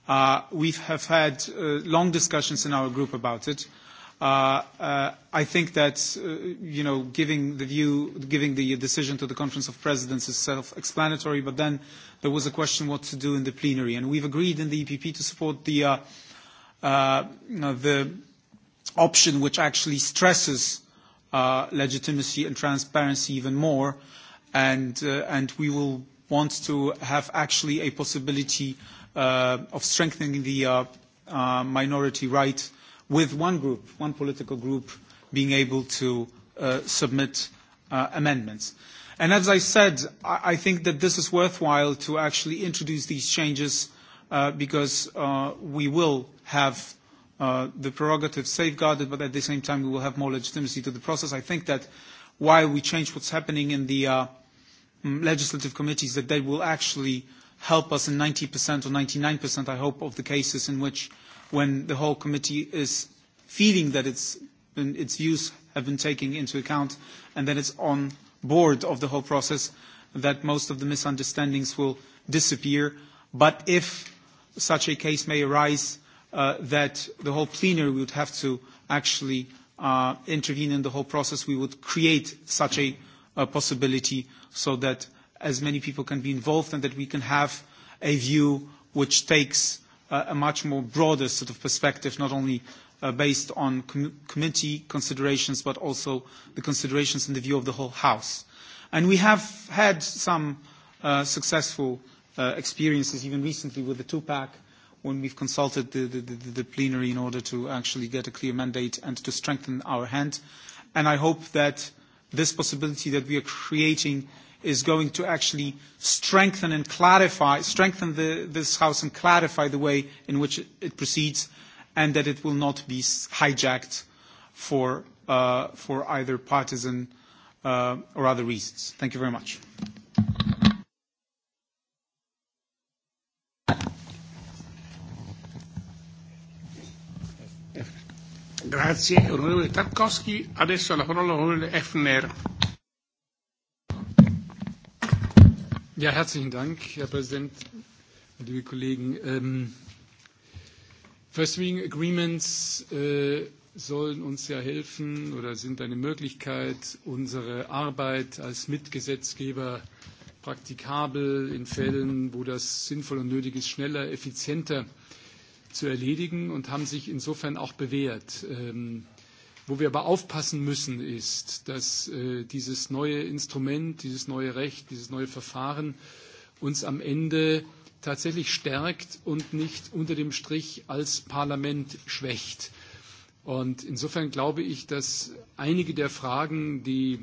Uh, we have had uh, long discussions in our group about it. Uh, uh, I think that uh, you know giving the view, giving the decision to the Conference of Presidents is self-explanatory. But then there was a question what to do in the plenary, and we've agreed in the EPP to support the uh, uh, the option which actually stresses uh, legitimacy and transparency even more, and, uh, and we will want to have actually a possibility uh, of strengthening the uh, uh, minority right with one group, one political group, being able to uh, submit uh, amendments. And as I said, I, I think that this is worthwhile to actually introduce these changes uh, because uh, we will have uh, the prerogative safeguarded, but at the same time, we will have more legitimacy to the process. I think that while we change what's happening in the uh, mm, legislative committees, that they will actually help us in 90% or 99%, I hope, of the cases in which when the whole committee is feeling that it's, its views have been taken into account and that it's on board of the whole process, that most of the misunderstandings will disappear. But if such a case may arise, uh, that the whole plenary would have to actually uh, intervene in the whole process. We would create such a, a possibility so that as many people can be involved and that we can have a view which takes uh, a much more broader sort of perspective, not only uh, based on com- committee considerations, but also the considerations in the view of the whole House. And we have had some uh, successful uh, experiences, even recently with the two-pack uh, when we've consulted the, the, the, the plenary in order to actually get a clear mandate and to strengthen our hand. And I hope that this possibility that we are creating is going to actually strengthen and clarify, strengthen the, this House and clarify the way in which it, it proceeds and that it will not be hijacked for, uh, for either partisan uh, or other reasons. Thank you very much. Grazie onorevole Tarkovsky. Adesso la parola onorevole Effner. Ja, herzlichen Dank, Herr Präsident, liebe Kollegen. Ähm, First Reading Agreements äh, sollen uns ja helfen oder sind eine Möglichkeit, unsere Arbeit als Mitgesetzgeber praktikabel in Fällen, wo das sinnvoll und nötig ist, schneller, effizienter äh, zu erledigen und haben sich insofern auch bewährt. Ähm, wo wir aber aufpassen müssen, ist, dass äh, dieses neue Instrument, dieses neue Recht, dieses neue Verfahren uns am Ende tatsächlich stärkt und nicht unter dem Strich als Parlament schwächt. Und insofern glaube ich, dass einige der Fragen, die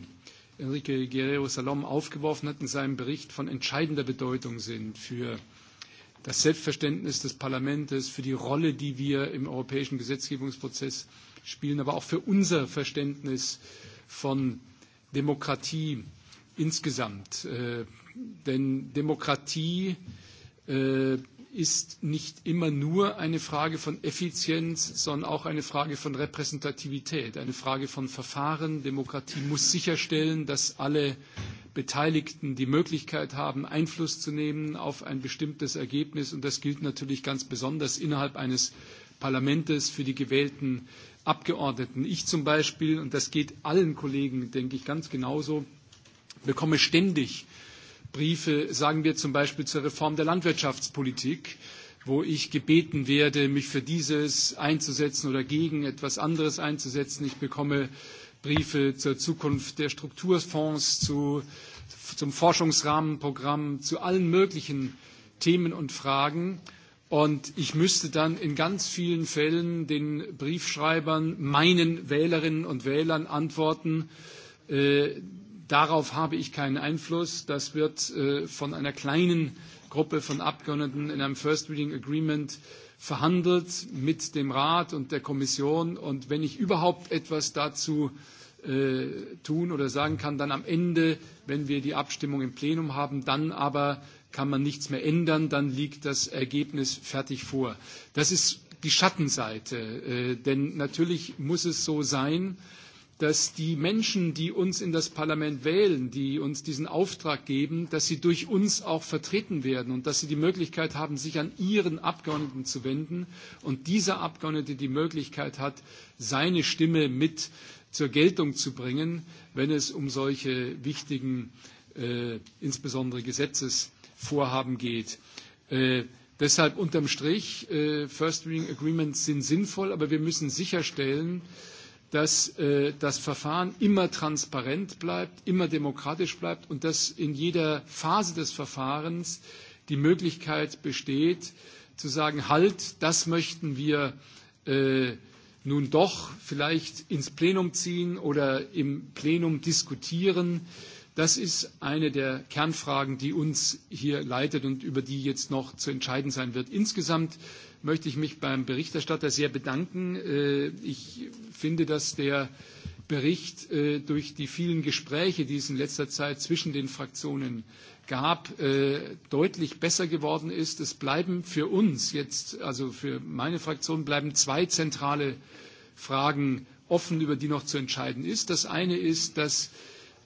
Enrique Guerrero Salom aufgeworfen hat in seinem Bericht, von entscheidender Bedeutung sind für äh, das Selbstverständnis des Parlaments, für die Rolle, die wir im europäischen Gesetzgebungsprozess spielen, aber auch für unser Verständnis von Demokratie insgesamt. Äh, denn Demokratie äh, ist nicht immer nur eine Frage von Effizienz, sondern auch eine Frage von Repräsentativität, eine Frage von Verfahren. Demokratie muss sicherstellen, dass alle Beteiligten die Möglichkeit haben, Einfluss zu nehmen auf ein bestimmtes Ergebnis. Und das gilt natürlich ganz besonders innerhalb eines Parlamentes für die gewählten Abgeordneten. Ich zum Beispiel, und das geht allen Kollegen, denke ich, ganz genauso, bekomme ständig Briefe, sagen wir zum Beispiel zur Reform der Landwirtschaftspolitik, wo ich gebeten werde, mich für dieses einzusetzen oder gegen etwas anderes einzusetzen. Ich bekomme äh, Briefe zur Zukunft der Strukturfonds, zu, zum Forschungsrahmenprogramm, zu allen möglichen Themen und Fragen. Und ich müsste dann in ganz vielen Fällen den Briefschreibern, meinen Wählerinnen und Wählern antworten, äh, darauf habe ich keinen Einfluss. Das wird äh, von einer kleinen Gruppe von Abgeordneten in einem First Reading Agreement verhandelt mit dem Rat und der Kommission. Und wenn ich überhaupt etwas dazu äh, tun oder sagen kann, dann am Ende, wenn wir die Abstimmung im Plenum haben, dann aber kann man nichts mehr ändern, dann liegt das Ergebnis fertig vor. Das ist die Schattenseite, äh, denn natürlich muss es so sein, äh, dass die Menschen, die uns in das Parlament wählen, die uns diesen Auftrag geben, dass sie durch uns auch vertreten werden und dass sie die Möglichkeit haben, sich an ihren Abgeordneten zu wenden und dieser Abgeordnete die Möglichkeit hat, seine Stimme mit zur Geltung zu bringen, wenn es um solche wichtigen, äh, insbesondere Gesetzesvorhaben geht. Äh, deshalb unterm Strich, äh, First Reading Agreements sind sinnvoll, aber wir müssen sicherstellen, äh, dass äh, das Verfahren immer transparent bleibt, immer demokratisch bleibt und dass in jeder Phase des Verfahrens die Möglichkeit besteht, zu sagen, halt, das möchten wir äh, nun doch vielleicht ins Plenum ziehen oder im Plenum diskutieren. Äh, Das ist eine der Kernfragen, die uns hier leitet und über die jetzt noch zu entscheiden sein wird. Insgesamt möchte ich mich beim Berichterstatter sehr bedanken. Äh, ich finde, dass der Bericht äh, durch die vielen Gespräche, die es in letzter Zeit zwischen den Fraktionen gab, äh, deutlich besser geworden ist. Es bleiben für uns jetzt, also für meine Fraktion, bleiben zwei zentrale Fragen offen, über die noch zu entscheiden ist. Das eine ist, dass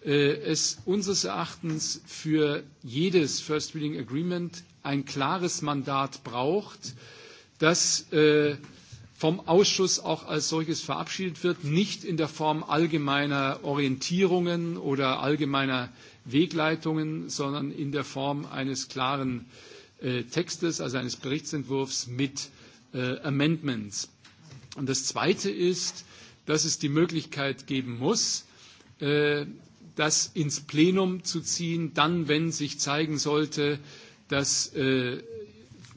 Äh, es unseres Erachtens für jedes First Reading Agreement ein klares Mandat braucht, das äh, vom Ausschuss auch als solches verabschiedet wird, nicht in der Form allgemeiner Orientierungen oder allgemeiner Wegleitungen, sondern in der Form eines klaren äh, Textes, also eines Berichtsentwurfs mit äh, Amendments. Und das Zweite ist, dass es die Möglichkeit geben muss, äh, das ins Plenum zu ziehen, dann, wenn sich zeigen sollte, dass äh,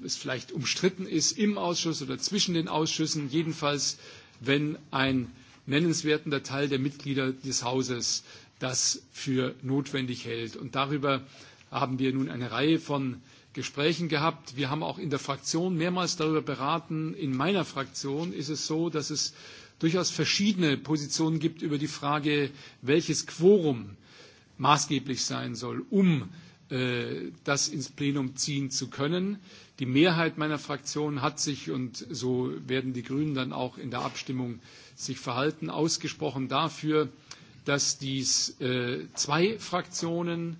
es vielleicht umstritten ist im Ausschuss oder zwischen den Ausschüssen, jedenfalls wenn ein nennenswerter Teil der Mitglieder des Hauses das für notwendig hält. Und darüber haben wir nun eine Reihe von Gesprächen gehabt. Wir haben auch in der Fraktion mehrmals darüber beraten. In meiner Fraktion ist es so, dass es durchaus verschiedene Positionen gibt über die Frage, welches Quorum maßgeblich sein soll, um äh, das ins Plenum ziehen zu können. Die Mehrheit meiner Fraktion hat sich, und so werden die Grünen dann auch in der Abstimmung sich verhalten, ausgesprochen dafür, dass dies äh, zwei Fraktionen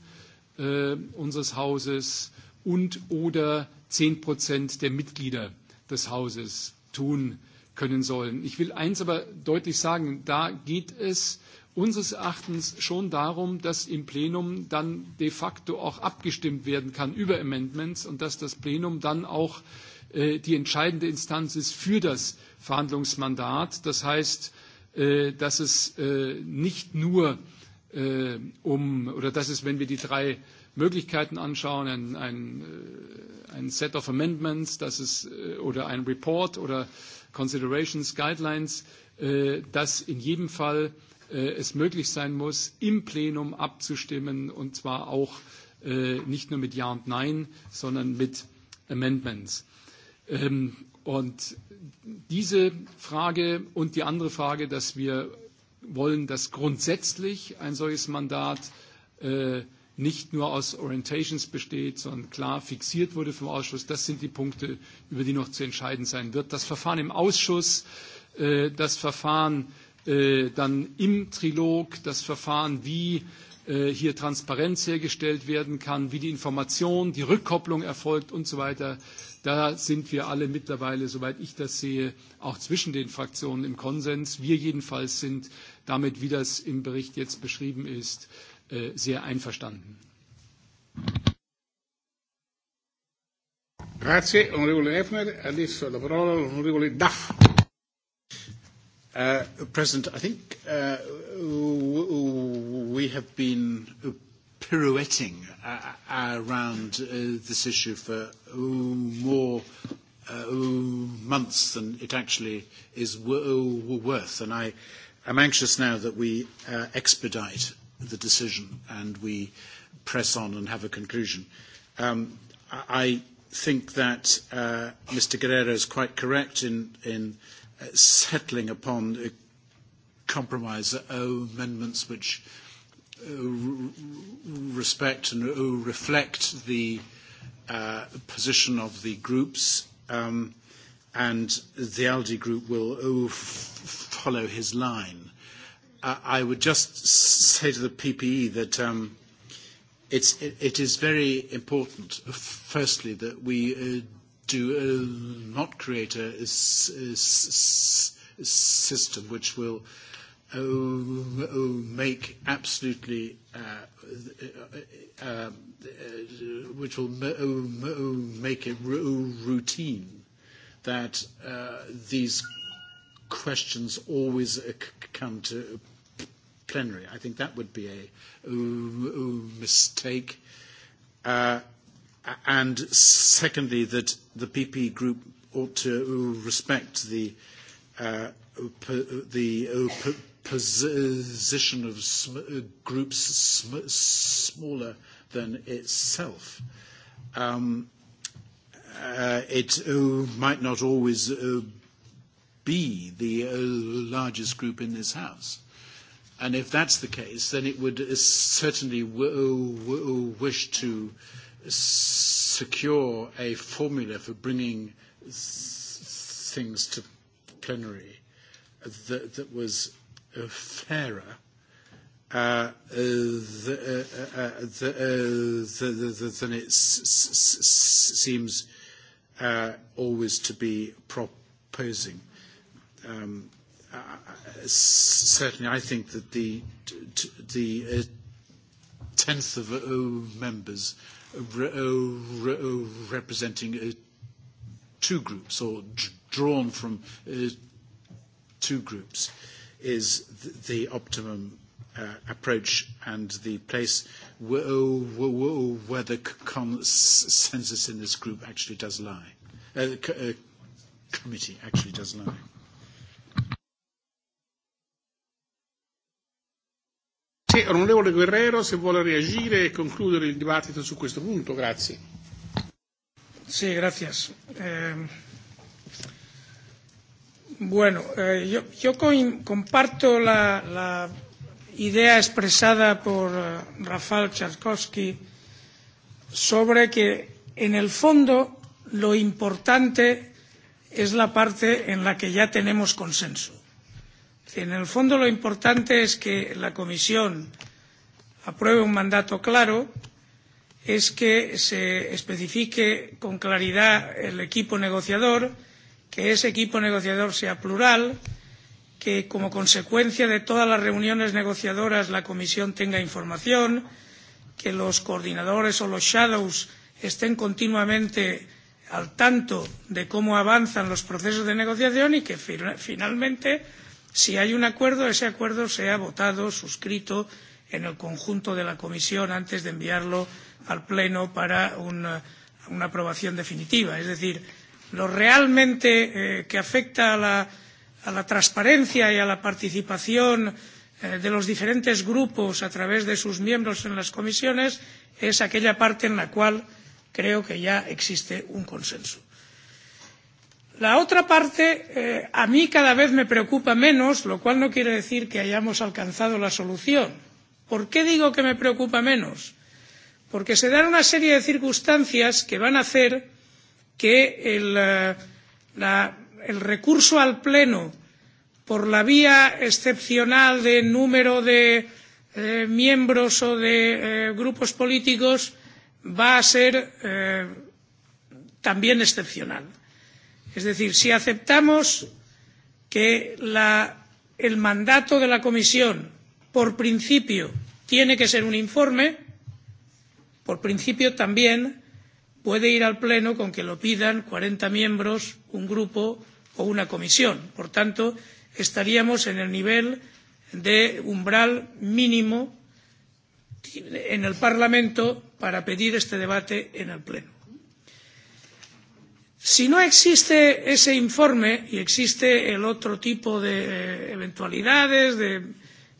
äh, unseres Hauses und oder 10 Prozent der Mitglieder des Hauses tun können sollen. Ich will eins aber deutlich sagen, da geht es unseres Erachtens schon darum, dass im Plenum dann de facto auch abgestimmt werden kann über Amendments und dass das Plenum dann auch äh, die entscheidende Instanz ist für das Verhandlungsmandat. Das heißt, äh, dass es äh, nicht nur äh, um oder dass es, wenn wir die drei Möglichkeiten anschauen, ein, ein, äh, ein Set of Amendments, dass es, äh, oder ein Report oder äh, Considerations, Guidelines, äh, dass in jedem Fall äh, es möglich sein muss, im Plenum abzustimmen und zwar auch äh, nicht nur mit Ja und Nein, sondern mit Amendments. Ähm, und diese Frage und die andere Frage, dass wir wollen, dass grundsätzlich ein solches Mandat äh, nicht nur aus Orientations besteht, sondern klar fixiert wurde vom Ausschuss. Das sind die Punkte, über die noch zu entscheiden sein wird. Das Verfahren im Ausschuss, äh, das Verfahren äh, dann im Trilog, das Verfahren, wie äh, hier Transparenz hergestellt werden kann, wie die Information, die Rückkopplung erfolgt und so weiter. Da sind wir alle mittlerweile, soweit ich das sehe, auch zwischen den Fraktionen im Konsens. Wir jedenfalls sind damit, wie das im Bericht jetzt beschrieben ist, Äh, sehr einverstanden. Grazie onorevole Effner. Adesso la parola all'onorevole Duff. Uh, President, I think uh, we have been pirouetting uh, around uh, this issue for uh, more uh, months than it actually is w- worth, and I am anxious now that we uh, expedite the decision and we press on and have a conclusion. Um, I think that uh, Mr. Guerrero is quite correct in, in uh, settling upon a compromise uh, amendments which uh, respect and uh, reflect the uh, position of the groups. Um, and the ALDE group will oh, f- follow his line. I would just say to the PPE that um, it's, it, it is very important, firstly, that we uh, do uh, not create a, a, a system which will uh, make absolutely uh, uh, uh, um, which will make it routine that these questions always uh, come to plenary. I think that would be a uh, mistake. Uh, and secondly, that the PP group ought to respect the uh, p- the uh, p- position of sm- uh, groups sm- smaller than itself. Um, uh, it uh, might not always uh, be the uh, largest group in this House. And if that's the case, then it would uh, certainly w- uh, w- uh, wish to secure a formula for bringing s- things to plenary that, that was uh, fairer. Uh, uh, the, uh, uh, the, uh, the, the, the, than it s- s- seems uh, always to be proposing um, uh, certainly I think that the, t- the uh, tenth of uh, members re- uh, re- representing uh, two groups or d- drawn from uh, two groups is th- the optimum uh, approach and the place where, where the consensus in this group actually does lie, uh, c- uh, committee actually does lie. Sì, onorevole Guerrero, se vuole reagire e concludere il dibattito su questo punto, grazie. Sí, gracias. Eh, bueno, eh, yo, yo coin, comparto la, la idea expresada por uh, Rafael Tchaikovsky sobre que, en el fondo, lo importante es la parte en la que ya tenemos consenso en el fondo lo importante es que la comisión apruebe un mandato claro es que se especifique con claridad el equipo negociador que ese equipo negociador sea plural que como consecuencia de todas las reuniones negociadoras la comisión tenga información que los coordinadores o los shadows estén continuamente al tanto de cómo avanzan los procesos de negociación y que finalmente si hay un acuerdo ese acuerdo sea votado suscrito en el conjunto de la comisión antes de enviarlo al pleno para una, eh, una aprobación definitiva es decir lo realmente eh, que afecta a la, a la transparencia y a la participación eh, de los diferentes grupos a través de sus miembros en las comisiones es aquella parte en la cual creo que ya existe un consenso. La otra parte, eh, a mí cada vez me preocupa menos, lo cual no quiere decir que hayamos alcanzado la solución. ¿Por qué digo que me preocupa menos? Porque se dan una serie de circunstancias que van a hacer que el, eh, la, el recurso al Pleno por la vía excepcional de número de eh, miembros o de eh, grupos políticos va a ser eh, también excepcional. Eh, Es decir, si aceptamos que la, el mandato de la Comisión, por principio, tiene que ser un informe, por principio también puede ir al Pleno con que lo pidan 40 miembros, un grupo o una comisión. Por tanto, estaríamos en el nivel de umbral mínimo en el Parlamento para pedir este debate en el Pleno si no existe ese informe y existe el otro tipo de eh, eventualidades de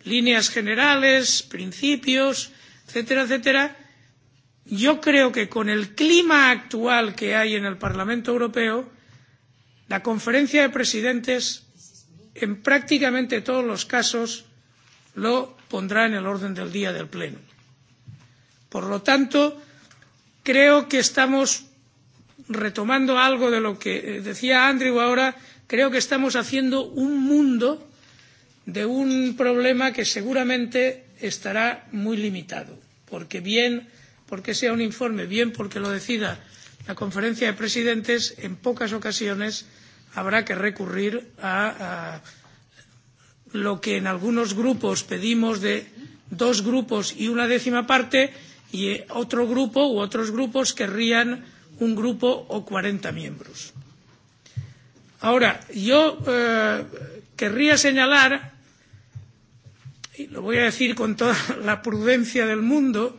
líneas generales principios etcétera etcétera yo creo que con el clima actual que hay en el parlamento europeo la conferencia de presidentes en prácticamente todos los casos lo pondrá en el orden del día del pleno. por lo tanto creo que estamos retomando algo de lo que eh, decía Andrew ahora, creo que estamos haciendo un mundo de un problema que seguramente estará muy limitado, porque bien porque sea un informe, bien porque lo decida la conferencia de presidentes, en pocas ocasiones habrá que recurrir a, a lo que en algunos grupos pedimos de dos grupos y una décima parte y eh, otro grupo u otros grupos querrían un grupo o 40 miembros. Ahora, yo eh, querría señalar, y lo voy a decir con toda (laughs) la prudencia del mundo,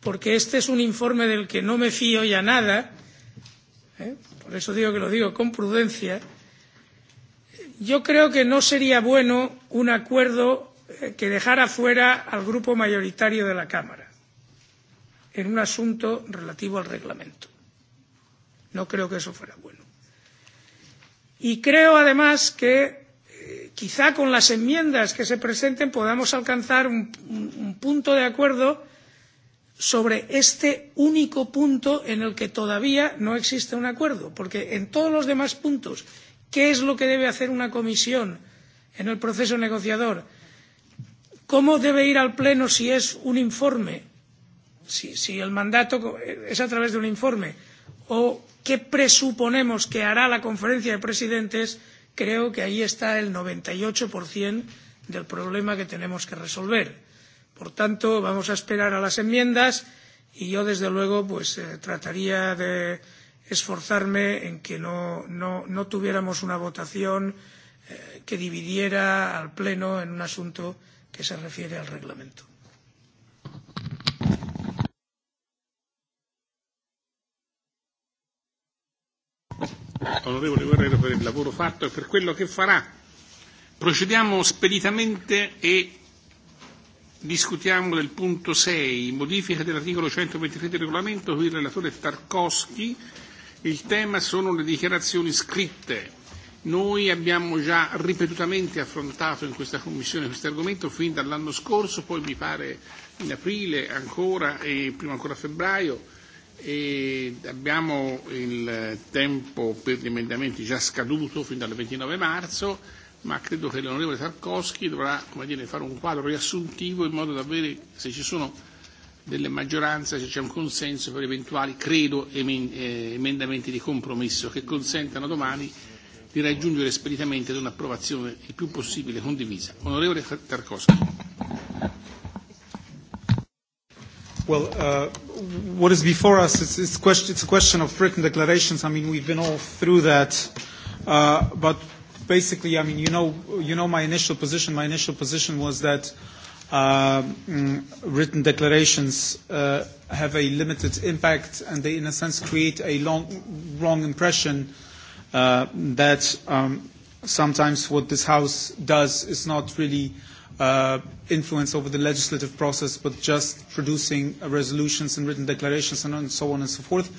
porque este es un informe del que no me fío ya nada, ¿eh? por eso digo que lo digo con prudencia, yo creo que no sería bueno un acuerdo eh, que dejara fuera al grupo mayoritario de la Cámara en un asunto relativo al reglamento. No creo que eso fuera bueno. Y creo, además, que eh, quizá con las enmiendas que se presenten podamos alcanzar un, un, un punto de acuerdo sobre este único punto en el que todavía no existe un acuerdo, porque en todos los demás puntos, ¿qué es lo que debe hacer una comisión en el proceso negociador? ¿Cómo debe ir al Pleno si es un informe? si, si el mandato es a través de un informe o qué presuponemos que hará la conferencia de presidentes, creo que ahí está el 98% del problema que tenemos que resolver. Por tanto, vamos a esperar a las enmiendas y yo, desde luego, pues eh, trataría de esforzarme en que no, no, no tuviéramos una votación eh, que dividiera al Pleno en un asunto que se refiere al reglamento. onorevole Guerrero per il lavoro fatto e per quello che farà. Procediamo speditamente e discutiamo del punto 6, modifica dell'articolo 123 del regolamento, qui il relatore Tarkovsky. Il tema sono le dichiarazioni scritte. Noi abbiamo già ripetutamente affrontato in questa Commissione questo argomento fin dall'anno scorso, poi mi pare in aprile ancora e prima ancora a febbraio e abbiamo il tempo per gli emendamenti già scaduto fin dal 29 marzo, ma credo che l'onorevole Tarkovsky dovrà come dire, fare un quadro riassuntivo in modo da avere, se ci sono delle maggioranze, se c'è un consenso per eventuali, credo, eh, emendamenti di compromesso che consentano domani di raggiungere speditamente ad un'approvazione il più possibile condivisa. Onorevole Tarkovsky. Well, uh what is before us, it's, it's, question, it's a question of written declarations. I mean, we've been all through that. Uh, but basically, I mean, you know, you know my initial position. My initial position was that uh, mm, written declarations uh, have a limited impact and they, in a sense, create a long, wrong impression uh, that um, sometimes what this House does is not really uh, uh, influence over the legislative process, but just producing uh, resolutions and written declarations and, and so on and so forth.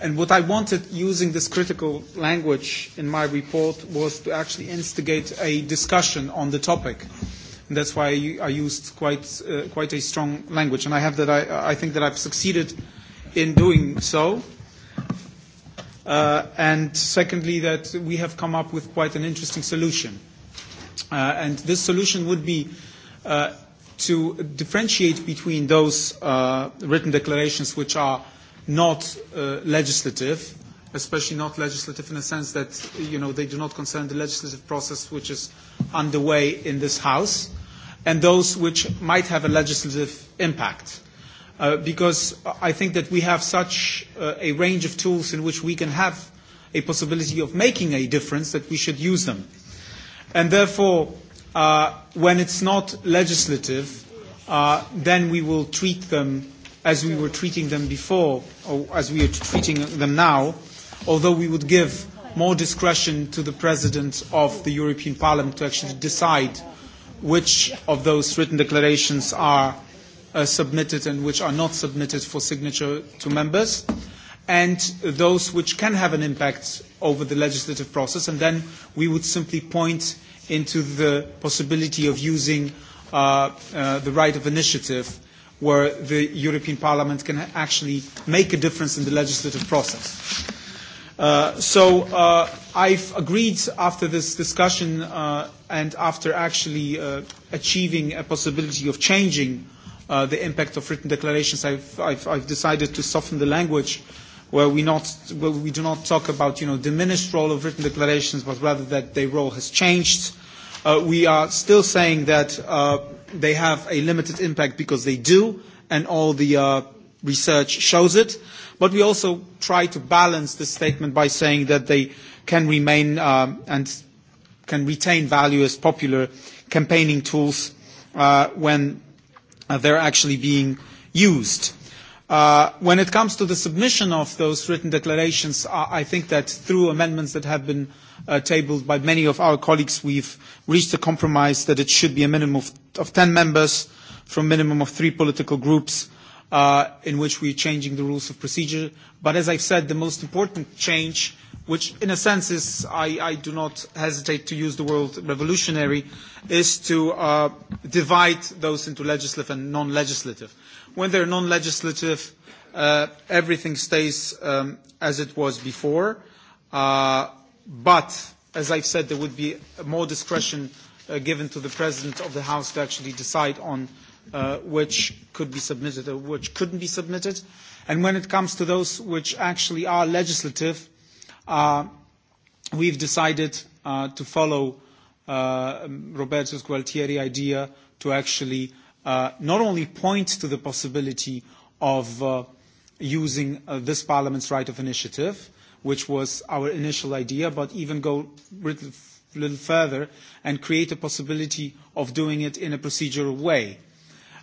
And what I wanted using this critical language in my report was to actually instigate a discussion on the topic. And that's why I used quite, uh, quite a strong language. And I, have that I, I think that I've succeeded in doing so. Uh, and secondly, that we have come up with quite an interesting solution. Uh, Uh, and this solution would be uh, to differentiate between those uh, written declarations which are not uh, legislative, especially not legislative in the sense that you know, they do not concern the legislative process which is underway in this House, and those which might have a legislative impact. Uh, because I think that we have such uh, a range of tools in which we can have a possibility of making a difference that we should use them. Uh, And therefore, uh, when it's not legislative, uh, then we will treat them as we were treating them before, or as we are treating them now, although we would give more discretion to the President of the European Parliament to actually decide which of those written declarations are uh, submitted and which are not submitted for signature to members. Uh, and those which can have an impact over the legislative process. And then we would simply point into the possibility of using uh, uh, the right of initiative where the European Parliament can actually make a difference in the legislative process. Uh, so uh, I've agreed after this discussion uh, and after actually uh, achieving a possibility of changing uh, the impact of written declarations, I've, I've, I've decided to soften the language uh, where we, not, where we do not talk about you know, diminished role of written declarations, but rather that their role has changed. Uh, we are still saying that uh, they have a limited impact because they do, and all the uh, research shows it. But we also try to balance this statement by saying that they can remain um, and can retain value as popular campaigning tools uh, when uh, they're actually being used. Uh, when it comes to the submission of those written declarations, I, I think that through amendments that have been uh, tabled by many of our colleagues, we've reached a compromise that it should be a minimum of, of 10 members from minimum of three political groups uh, in which we're changing the rules of procedure. But as I've said, the most important change which in a sense is, I, I do not hesitate to use the word revolutionary, is to uh, divide those into legislative and non-legislative. When they're non-legislative, uh, everything stays um, as it was before, uh, but as I've said, there would be more discretion uh, given to the President of the House to actually decide on uh, which could be submitted or which couldn't be submitted. And when it comes to those which actually are legislative, Uh, we've decided uh, to follow uh, Roberto's Gualtieri idea to actually uh, not only point to the possibility of uh, using uh, this Parliament's right of initiative, which was our initial idea, but even go little, little further and create a possibility of doing it in a procedural way,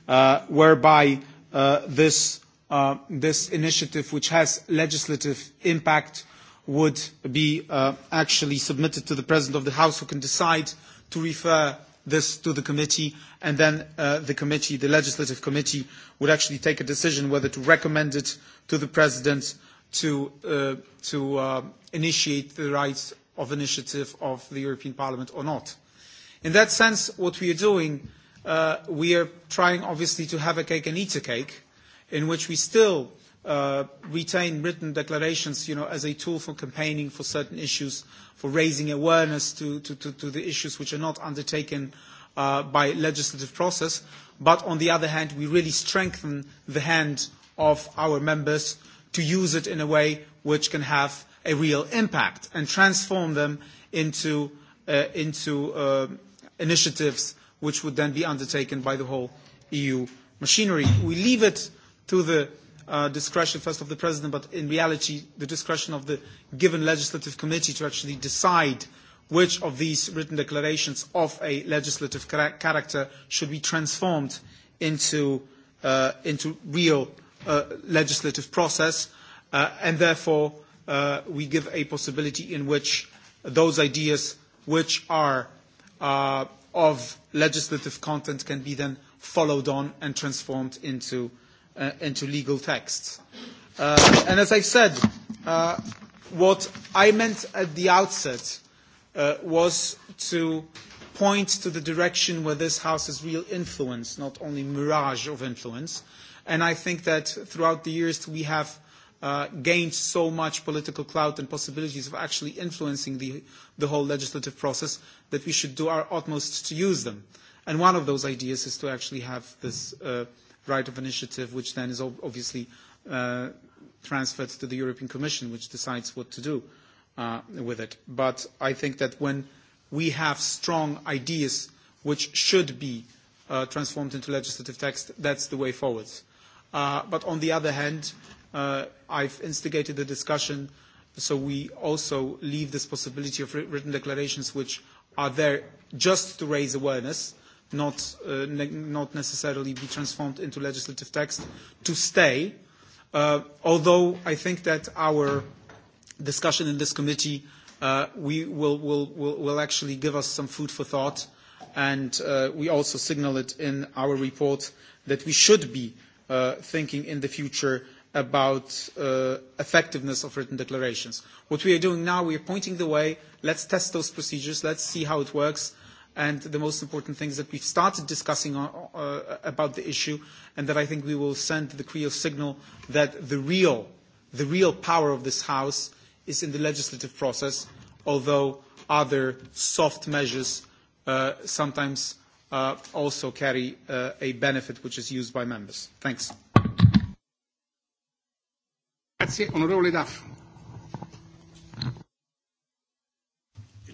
uh, whereby uh, this, uh, this initiative, which has legislative impact, would be uh, actually submitted to the President of the House who can decide to refer this to the committee and then uh, the committee, the legislative committee, would actually take a decision whether to recommend it to the President to, uh, to uh, initiate the rights of initiative of the European Parliament or not. In that sense, what we are doing, uh, we are trying obviously to have a cake and eat a cake in which we still uh, retain written declarations, you know, as a tool for campaigning for certain issues, for raising awareness to, to, to, to the issues which are not undertaken uh, by legislative process. But on the other hand, we really strengthen the hand of our members to use it in a way which can have a real impact and transform them into, uh, into uh, initiatives which would then be undertaken by the whole EU machinery. We leave it to the uh, discretion first of the president, but in reality the discretion of the given legislative committee to actually decide which of these written declarations of a legislative character should be transformed into, uh, into real uh, legislative process, uh, and therefore uh, we give a possibility in which those ideas which are uh, of legislative content can be then followed on and transformed into uh, uh, into legal texts. Uh, and as I've said, uh, what I meant at the outset uh, was to point to the direction where this House has real influence, not only mirage of influence. And I think that throughout the years we have uh, gained so much political clout and possibilities of actually influencing the, the whole legislative process that we should do our utmost to use them. And one of those ideas is to actually have this uh, right of initiative, which then is obviously uh, transferred to the European Commission, which decides what to do uh, with it. But I think that when we have strong ideas which should be uh, transformed into legislative text, that's the way forward. Uh, but on the other hand, uh, I've instigated a discussion, so we also leave this possibility of written declarations which are there just to raise awareness not, uh, ne- not necessarily be transformed into legislative text to stay, uh, although I think that our discussion in this committee uh, we will, will, will, will actually give us some food for thought, and uh, we also signal it in our report that we should be uh, thinking in the future about uh, effectiveness of written declarations. What we are doing now, we are pointing the way. Let's test those procedures. Let's see how it works and the most important things that we've started discussing on, uh, uh, about the issue, and that I think we will send the clear signal that the real, the real power of this House is in the legislative process, although other soft measures uh, sometimes uh, also carry uh, a benefit which is used by members. Thanks. Grazie, onorevole Duff.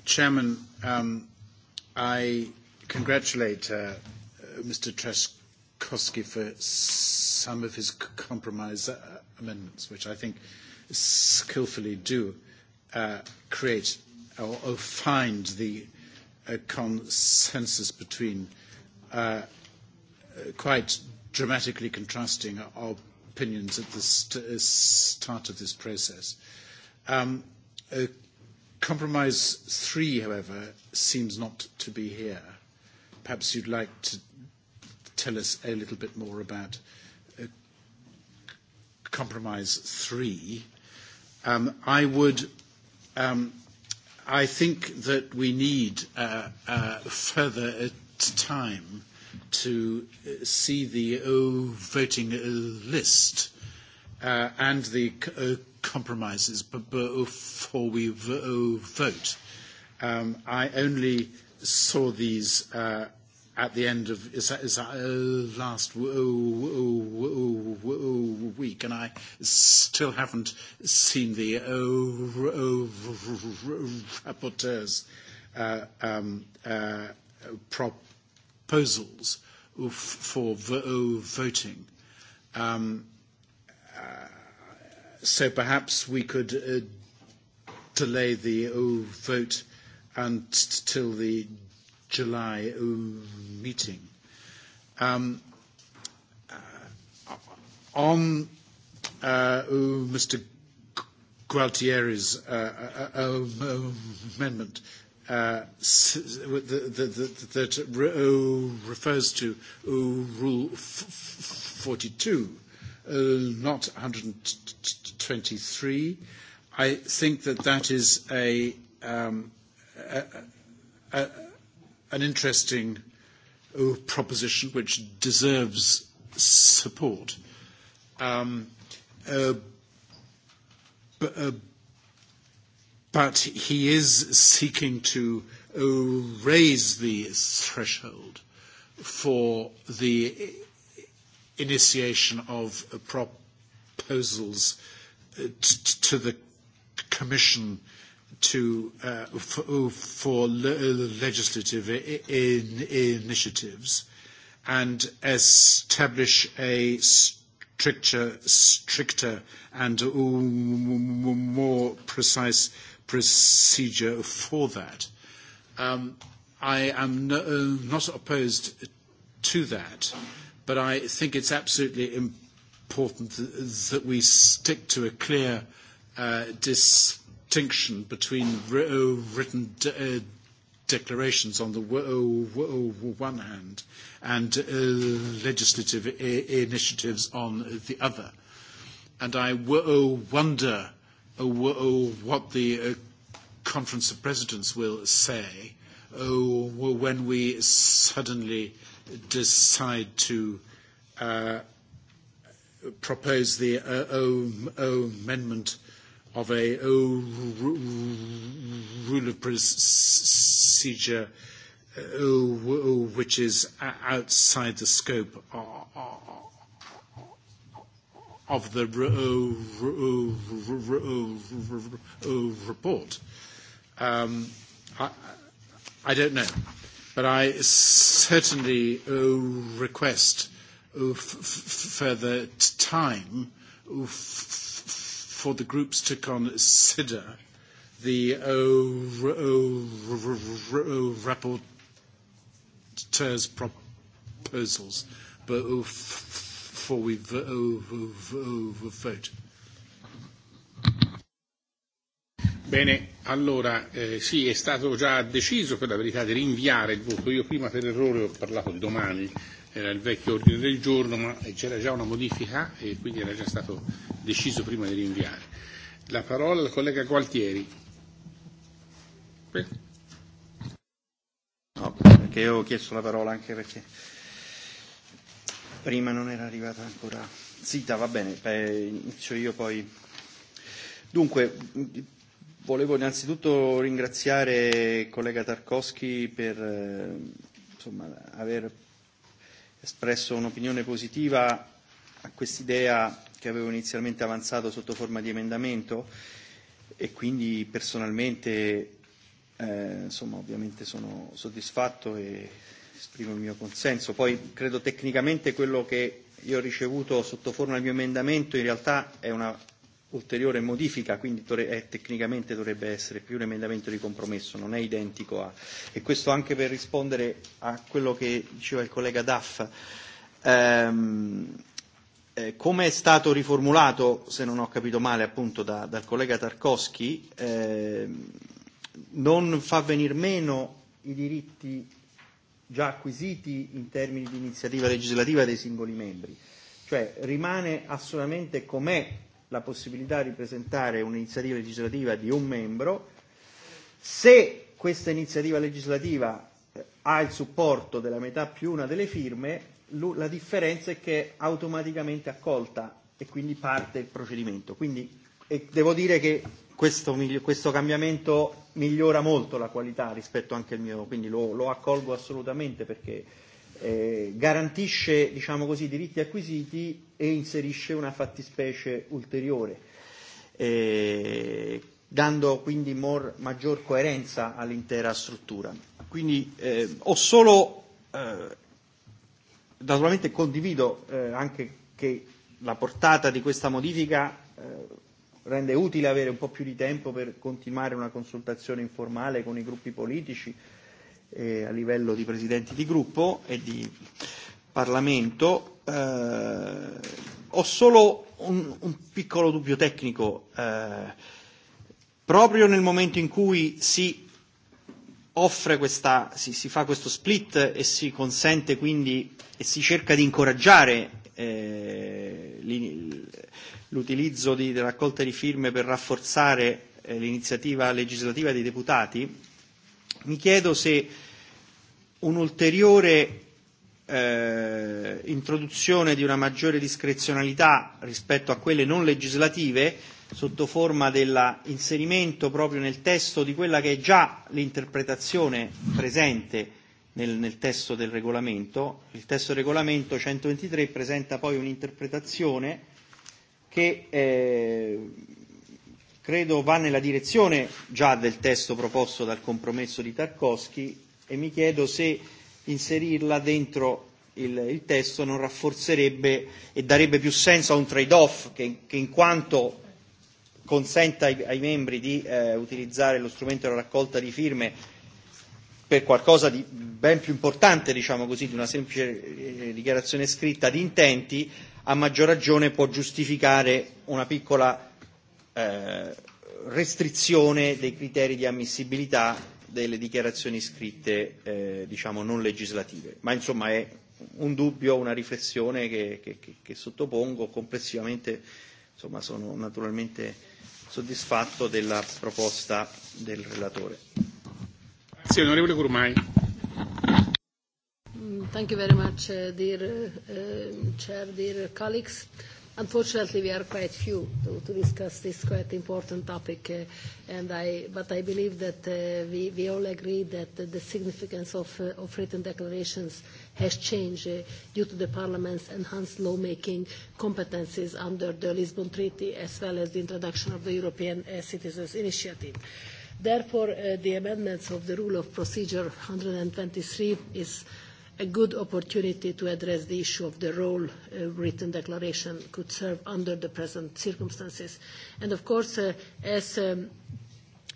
Chairman, um, I congratulate uh, uh Mr. Trzaskowski for some of his compromise uh, amendments, which I think skillfully do uh, create or, or find the uh, consensus between uh, uh quite dramatically contrasting our opinions at the st- uh, start of this process. Um, uh, Compromise 3, however, seems not to be here. Perhaps you'd like to tell us a little bit more about uh, Compromise 3. Um, I would, um, I think that we need uh, uh, further uh, time to uh, see the uh, voting uh, list uh, uh, and the c- uh, compromises b- before we v- uh, vote. Um, I only saw these uh, at the end of is that, is that, uh, last w- w- w- w- week, and I still haven't seen the uh, r- uh, r- r- rapporteurs. Uh, um, uh, proposals for v- uh, voting. Um, Uh, so perhaps we could uh, delay the uh, vote until the July uh, meeting. Um, uh, on uh, Mr. Gualtieri's uh, uh, um, amendment uh, that refers to Rule 42, uh, not 123. I think that that is a, um, a, a, an interesting uh, proposition which deserves support. Um, uh, b- uh, but he is seeking to uh, raise the threshold for the initiation of uh, proposals uh, to the Commission to uh, oh, for, for uh, legislative in, initiatives and establish a stricter, stricter and more precise procedure for that. Um, I am no, not opposed to that. Uh, but I think it's absolutely important that we stick to a clear uh, distinction between uh, written de- uh, declarations on the uh, uh, one hand and uh, legislative I- initiatives on the other. And I w- wonder uh, w- what the uh, Conference of Presidents will say uh, when we suddenly uh, decide to uh, propose the uh, o, o amendment of a o, rule of procedure uh, o, which is outside the scope uh, uh, of the report. Um, I, I don't know but I certainly uh, request uh, f- further time uh, f- for the groups to consider the uh, r- uh, r- r- r- uh, rapporteur's proposals uh, before we v- v- v- vote. Bene, allora eh, sì, è stato già deciso per la verità di rinviare il voto. Io prima per errore ho parlato di domani, era il vecchio ordine del giorno, ma c'era già una modifica e quindi era già stato deciso prima di rinviare. La parola al collega Gualtieri. Bene. No, perché io ho chiesto la parola anche perché prima non era arrivata ancora. Zita, va bene, eh, inizio io poi. Dunque, Volevo innanzitutto ringraziare il collega Tarkovsky per eh, insomma, aver espresso un'opinione positiva a quest'idea che avevo inizialmente avanzato sotto forma di emendamento e quindi personalmente eh, insomma, ovviamente sono soddisfatto e esprimo il mio consenso. Poi credo tecnicamente quello che io ho ricevuto sotto forma di mio emendamento in realtà è una ulteriore modifica, quindi è, eh, tecnicamente dovrebbe essere più un emendamento di compromesso, non è identico a. E questo anche per rispondere a quello che diceva il collega Daff. Ehm, eh, come è stato riformulato, se non ho capito male appunto da, dal collega Tarkovsky, eh, non fa venir meno i diritti già acquisiti in termini di iniziativa legislativa dei singoli membri. Cioè rimane assolutamente com'è la possibilità di presentare un'iniziativa legislativa di un membro. Se questa iniziativa legislativa eh, ha il supporto della metà più una delle firme, la differenza è che è automaticamente accolta e quindi parte il procedimento. Quindi e devo dire che questo, questo cambiamento migliora molto la qualità rispetto anche al mio, quindi lo, lo accolgo assolutamente perché eh, garantisce diciamo così, diritti acquisiti e inserisce una fattispecie ulteriore, eh, dando quindi more, maggior coerenza all'intera struttura. Quindi eh, ho solo, eh, naturalmente condivido eh, anche che la portata di questa modifica eh, rende utile avere un po' più di tempo per continuare una consultazione informale con i gruppi politici, eh, eh, a livello di presidenti di gruppo e di Parlamento. Eh, ho solo un, un piccolo dubbio tecnico. Eh, proprio nel momento in cui si offre questa, si, si fa questo split e si consente quindi e si cerca di incoraggiare eh, l'utilizzo di, della raccolta di firme per rafforzare eh, l'iniziativa legislativa dei deputati, Mi chiedo se un'ulteriore eh, introduzione di una maggiore discrezionalità rispetto a quelle non legislative sotto forma dell'inserimento proprio nel testo di quella che è già l'interpretazione presente nel, nel testo del regolamento. Il testo del regolamento 123 presenta poi un'interpretazione che eh, credo va nella direzione già del testo proposto dal compromesso di Tarkovsky e mi chiedo se inserirla dentro il, il testo non rafforzerebbe e darebbe più senso a un trade-off che, che in quanto consenta ai, ai membri di eh, utilizzare lo strumento della raccolta di firme per qualcosa di ben più importante, diciamo così, di una semplice eh, dichiarazione scritta di intenti, a maggior ragione può giustificare una piccola eh, restrizione dei criteri di ammissibilità delle dichiarazioni scritte eh, diciamo non legislative. Ma insomma è un dubbio, una riflessione che, che, che, che sottopongo complessivamente, insomma sono naturalmente soddisfatto della proposta del relatore. Grazie onorevole Gurmai. Mm, thank you very much, uh, dear uh, Chair, dear colleagues. Uh, Unfortunately, we are quite few to, to discuss this quite important topic, uh, and I, but I believe that uh, we, we all agree that uh, the significance of, uh, of written declarations has changed uh, due to the Parliament's enhanced lawmaking competencies under the Lisbon Treaty, as well as the introduction of the European uh, Citizens Initiative. Therefore, uh, the amendments of the Rule of Procedure 123 is uh, a good opportunity to address the issue of the role a uh, written declaration could serve under the present circumstances. And of course, uh, as, um,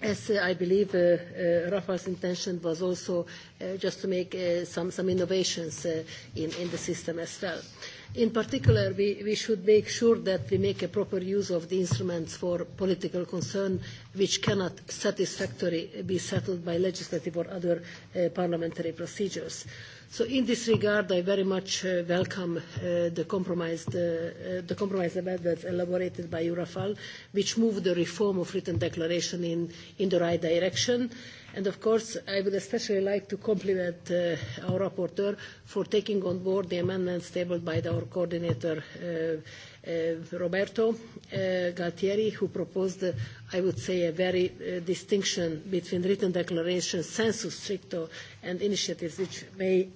as uh, I believe uh, uh, Rafa's intention was also uh, just to make uh, some, some innovations uh, in, in the system as well. Uh, In particular, we, we should make sure that we make a proper use of the instruments for political concern, which cannot satisfactorily be settled by legislative or other uh, parliamentary procedures. So in this regard, I very much uh, welcome uh, the, compromise, uh, uh, the compromise amendments elaborated by Urafal, which move the reform of written declaration in, in the right direction. Uh, And of course, I would especially like to compliment uh, our rapporteur for taking on board the amendments tabled by our coordinator, uh, uh, Roberto uh, Galtieri, who proposed, uh, I would say, a very uh, distinction between written declarations, sensu stricto, and initiatives which may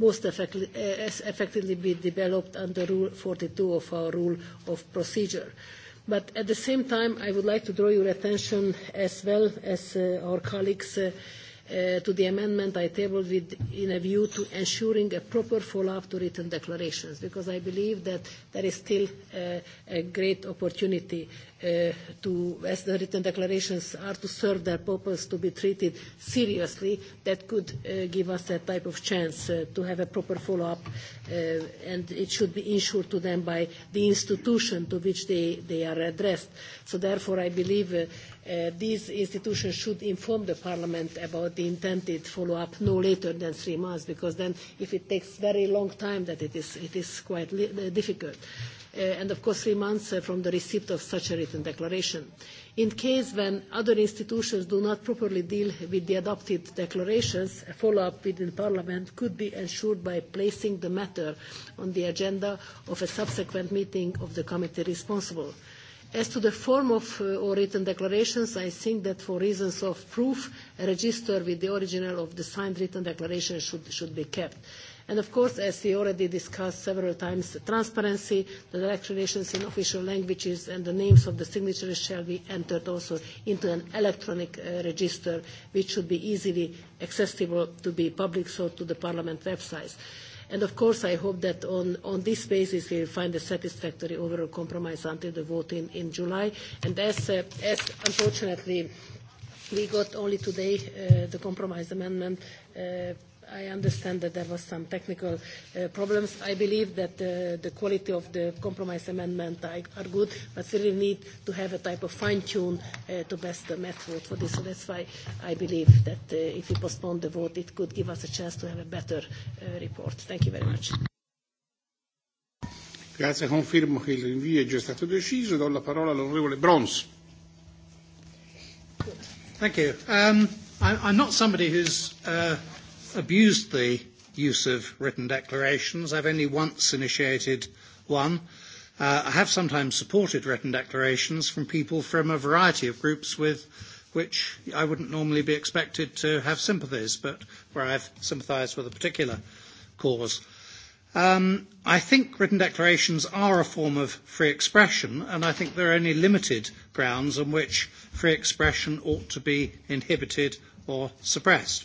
most effect uh, effectively be developed under Rule 42 of our Rule of Procedure. Uh, But at the same time, I would like to draw your attention as well as uh, our colleagues uh, uh, to the amendment I tabled with, in a view to ensuring a proper follow-up to written declarations, because I believe that there is still uh, a great opportunity uh, to, as the written declarations are to serve their purpose, to be treated seriously, that could uh, give us that type of chance uh, to have a proper follow-up, uh, and it should be ensured to them by the institution to which they, they are addressed. So therefore, I believe uh, Uh, these institutions should inform the parliament about the intended follow-up no later than three months, because then if it takes very long time, that it is, it is quite li- difficult. Uh, uh, and of course three months uh, from the receipt of such a written declaration. In case when other institutions do not properly deal with the adopted declarations, a follow-up within Parliament could be ensured by placing the matter on the agenda of a subsequent meeting of the committee responsible. As to the form of uh, or written declarations, I think that for reasons of proof, a register with the original of the signed written declaration should, should be kept. Uh, And of course, as we already discussed several times, transparency, the declarations in official languages and the names of the signatories shall be entered also into an electronic uh, register, which should be easily accessible to be public, so to the Parliament websites. And of course, I hope that on, on this basis we'll find a satisfactory overall compromise until the vote in, in July. And as, uh, as unfortunately we got only today uh, the compromise amendment uh, I understand that there was some technical uh, problems. I believe that uh, the quality of the compromise amendment are good, but still we need to have a type of fine-tune uh, to best the method for this. So that's why I believe that uh, if we postpone the vote, it could give us a chance to have a better uh, report. Thank you very much. Grazie, confermo che il rinvio è già stato deciso. Do la parola all'onorevole Brons. Thank you. Um, I, I'm not somebody who's uh, abused the use of written declarations. I've only once initiated one. Uh, I have sometimes supported written declarations from people from a variety of groups with which I wouldn't normally be expected to have sympathies, but where I've sympathised with a particular cause. Um, I think written declarations are a form of free expression, and I think there are only limited grounds on which free expression ought to be inhibited or suppressed.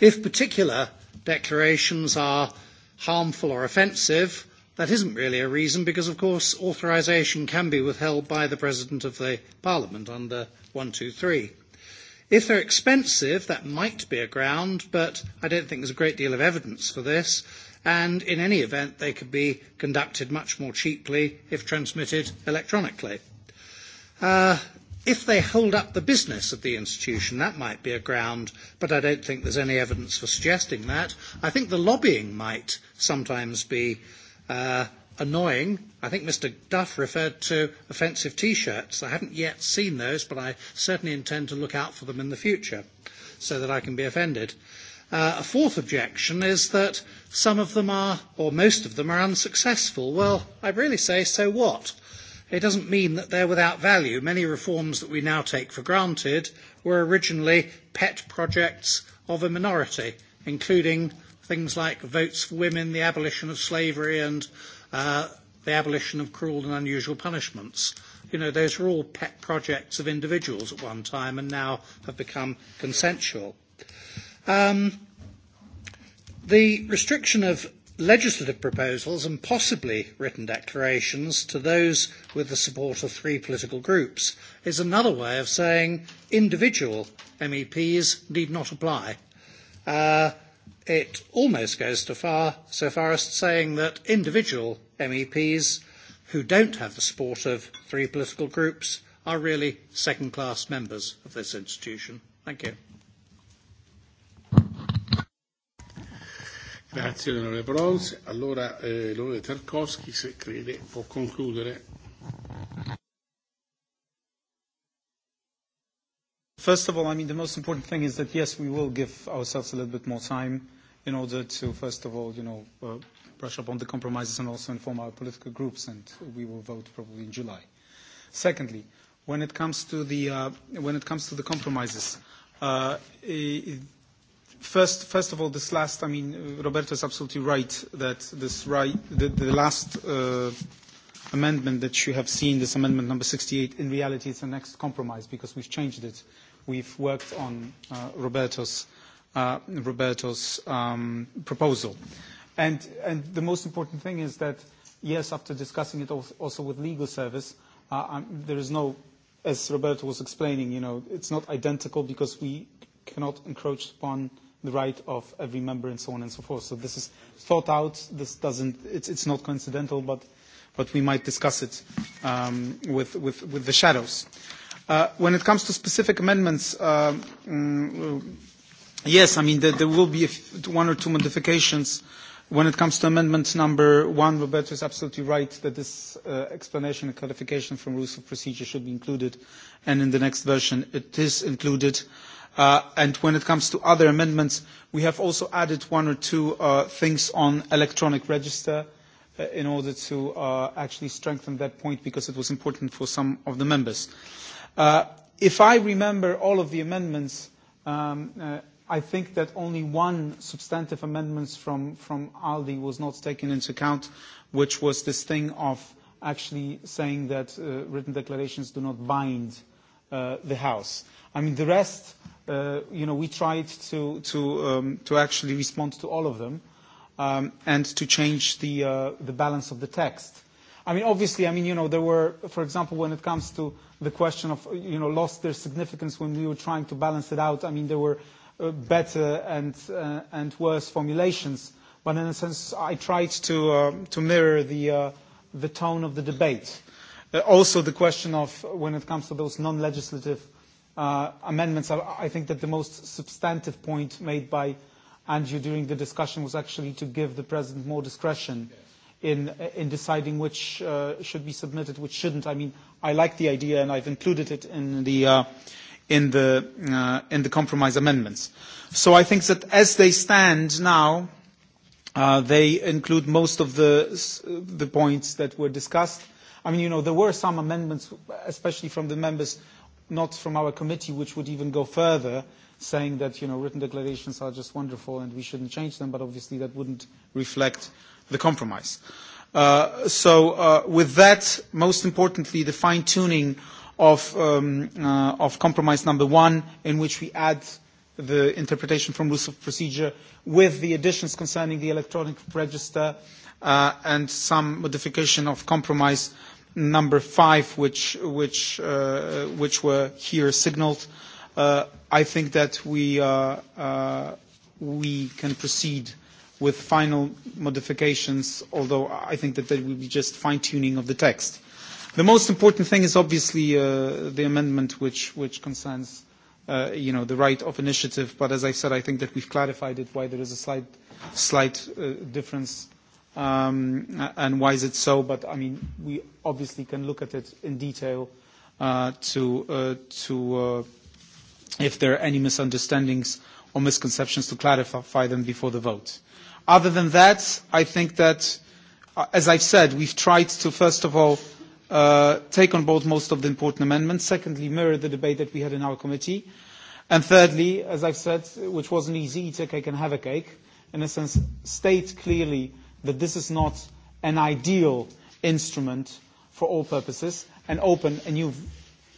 If particular declarations are harmful or offensive, that isn't really a reason because, of course, authorization can be withheld by the President of the Parliament under 123. If they're expensive, that might be a ground, but I don't think there's a great deal of evidence for this. And in any event, they could be conducted much more cheaply if transmitted electronically. Uh, If they hold up the business of the institution, that might be a ground, but I don't think there's any evidence for suggesting that. I think the lobbying might sometimes be uh, annoying. I think Mr. Duff referred to offensive T-shirts. I haven't yet seen those, but I certainly intend to look out for them in the future so that I can be offended. Uh, a fourth objection is that some of them are, or most of them, are unsuccessful. Well, I really say, so what? It doesn't mean that they're without value. Many reforms that we now take for granted were originally pet projects of a minority, including things like votes for women, the abolition of slavery, and uh, the abolition of cruel and unusual punishments. You know, those were all pet projects of individuals at one time and now have become consensual. Um, the restriction of legislative proposals and possibly written declarations to those with the support of three political groups is another way of saying individual MEPs need not apply. Uh, it almost goes to far, so far as saying that individual MEPs who don't have the support of three political groups are really second-class members of this institution. Thank you. Grazie onorevole Brons. Allora eh, l'onorevole Tarkovsky, se crede, può concludere. First of all, I mean, the most important thing is that, yes, we will give ourselves a little bit more time in order to, first of all, you know, uh, brush up on the compromises and also inform our political groups, and we will vote probably in July. Secondly, when it comes to the, uh, when it comes to the compromises, uh, First, first of all, this last, I mean, Roberto is absolutely right that this right, the, the last uh, amendment that you have seen, this amendment number 68, in reality it's a next compromise because we've changed it. We've worked on uh, Roberto's, uh, Roberto's um, proposal. And, and the most important thing is that, yes, after discussing it also with legal service, uh, um, there is no, as Roberto was explaining, you know, it's not identical because we cannot encroach upon the right of every member and so on and so forth. So this is thought out. This doesn't, it's, it's not coincidental, but, but we might discuss it um, with, with, with the shadows. Uh, when it comes to specific amendments, uh, um, yes, I mean, there, there will be one or two modifications uh, When it comes to amendment number one, Roberto is absolutely right that this uh, explanation and clarification from rules of procedure should be included, and in the next version it is included. Uh, and when it comes to other amendments, we have also added one or two uh, things on electronic register uh, in order to uh, actually strengthen that point because it was important for some of the members. Uh, if I remember all of the amendments, um, uh, I think that only one substantive amendments from, from ALDI was not taken into account, which was this thing of actually saying that uh, written declarations do not bind uh, the House. I mean, the rest, uh, you know, we tried to, to, um, to actually respond to all of them um, and to change the, uh, the balance of the text. I mean, obviously, I mean, you know, there were, for example, when it comes to the question of, you know, lost their significance when we were trying to balance it out, I mean, there were – uh, better and, uh, and worse formulations, but in a sense I tried to, uh, to mirror the, uh, the tone of the debate. Uh, also the question of when it comes to those non-legislative uh, amendments, I, I think that the most substantive point made by Andrew during the discussion was actually to give the President more discretion. Yes in, uh, in deciding which uh, should be submitted, which shouldn't. I mean, I like the idea and I've included it in the, uh, in the, uh, in the compromise amendments. So I think that as they stand now, uh, they include most of the, the points that were discussed. I mean, you know, there were some amendments, especially from the members, not from our committee, which would even go further, saying that, you know, written declarations are just wonderful and we shouldn't change them, but obviously that wouldn't reflect the compromise. Uh, so uh, with that, most importantly, the fine-tuning of, um, uh, of compromise number one, in which we add the interpretation from rules of procedure with the additions concerning the electronic register uh, and some modification of compromise number five, which, which, uh, which were here signaled. Uh, I think that we, uh, uh, we can proceed with final modifications, although I think that there will be just fine-tuning of the text. The most important thing is obviously uh, the amendment which, which concerns uh, you know, the right of initiative, but as I said, I think that we've clarified it, why there is a slight, slight uh, difference um, and why is it so, but I mean, we obviously can look at it in detail uh, to, uh, to uh, if there are any misunderstandings or misconceptions to clarify them before the vote. Other than that, I think that, uh, as I've said, we've tried to, first of all, uh, take on board most of the important amendments. Secondly, mirror the debate that we had in our committee. And thirdly, as I've said, which wasn't easy, eat a cake and have a cake. In a sense, state clearly that this is not an ideal instrument for all purposes and open a new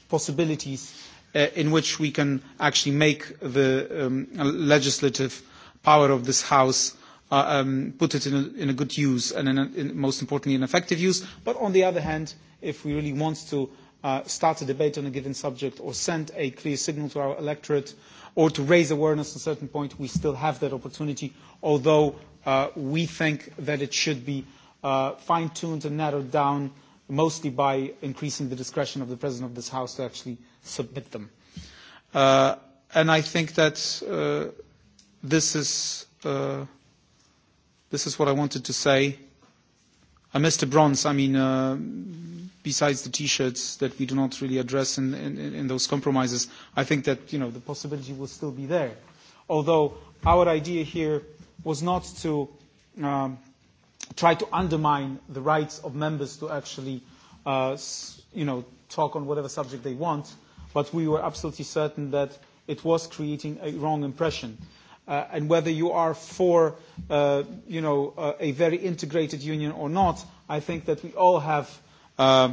possibilities uh, in which we can actually make the um, legislative power of this House uh, um, put it in a, in a good use and in a, in, most importantly an effective use. But on the other hand, if we really want to uh, start a debate on a given subject or send a clear signal to our electorate or to raise awareness on a certain point, we still have that opportunity, although uh, we think that it should be uh, fine-tuned and narrowed down mostly by increasing the discretion of the President of this House to actually submit them. Uh, and I think that uh, this is uh, This is what I wanted to say. Uh, Mr. Bronze, I mean, uh, besides the T-shirts that we do not really address in, in, in those compromises, I think that, you know, the possibility will still be there. Although our idea here was not to um, try to undermine the rights of members to actually, uh, you know, talk on whatever subject they want, but we were absolutely certain that it was creating a wrong impression. Uh, uh, and whether you are for uh, you know uh, a very integrated union or not, I think that we all have, uh,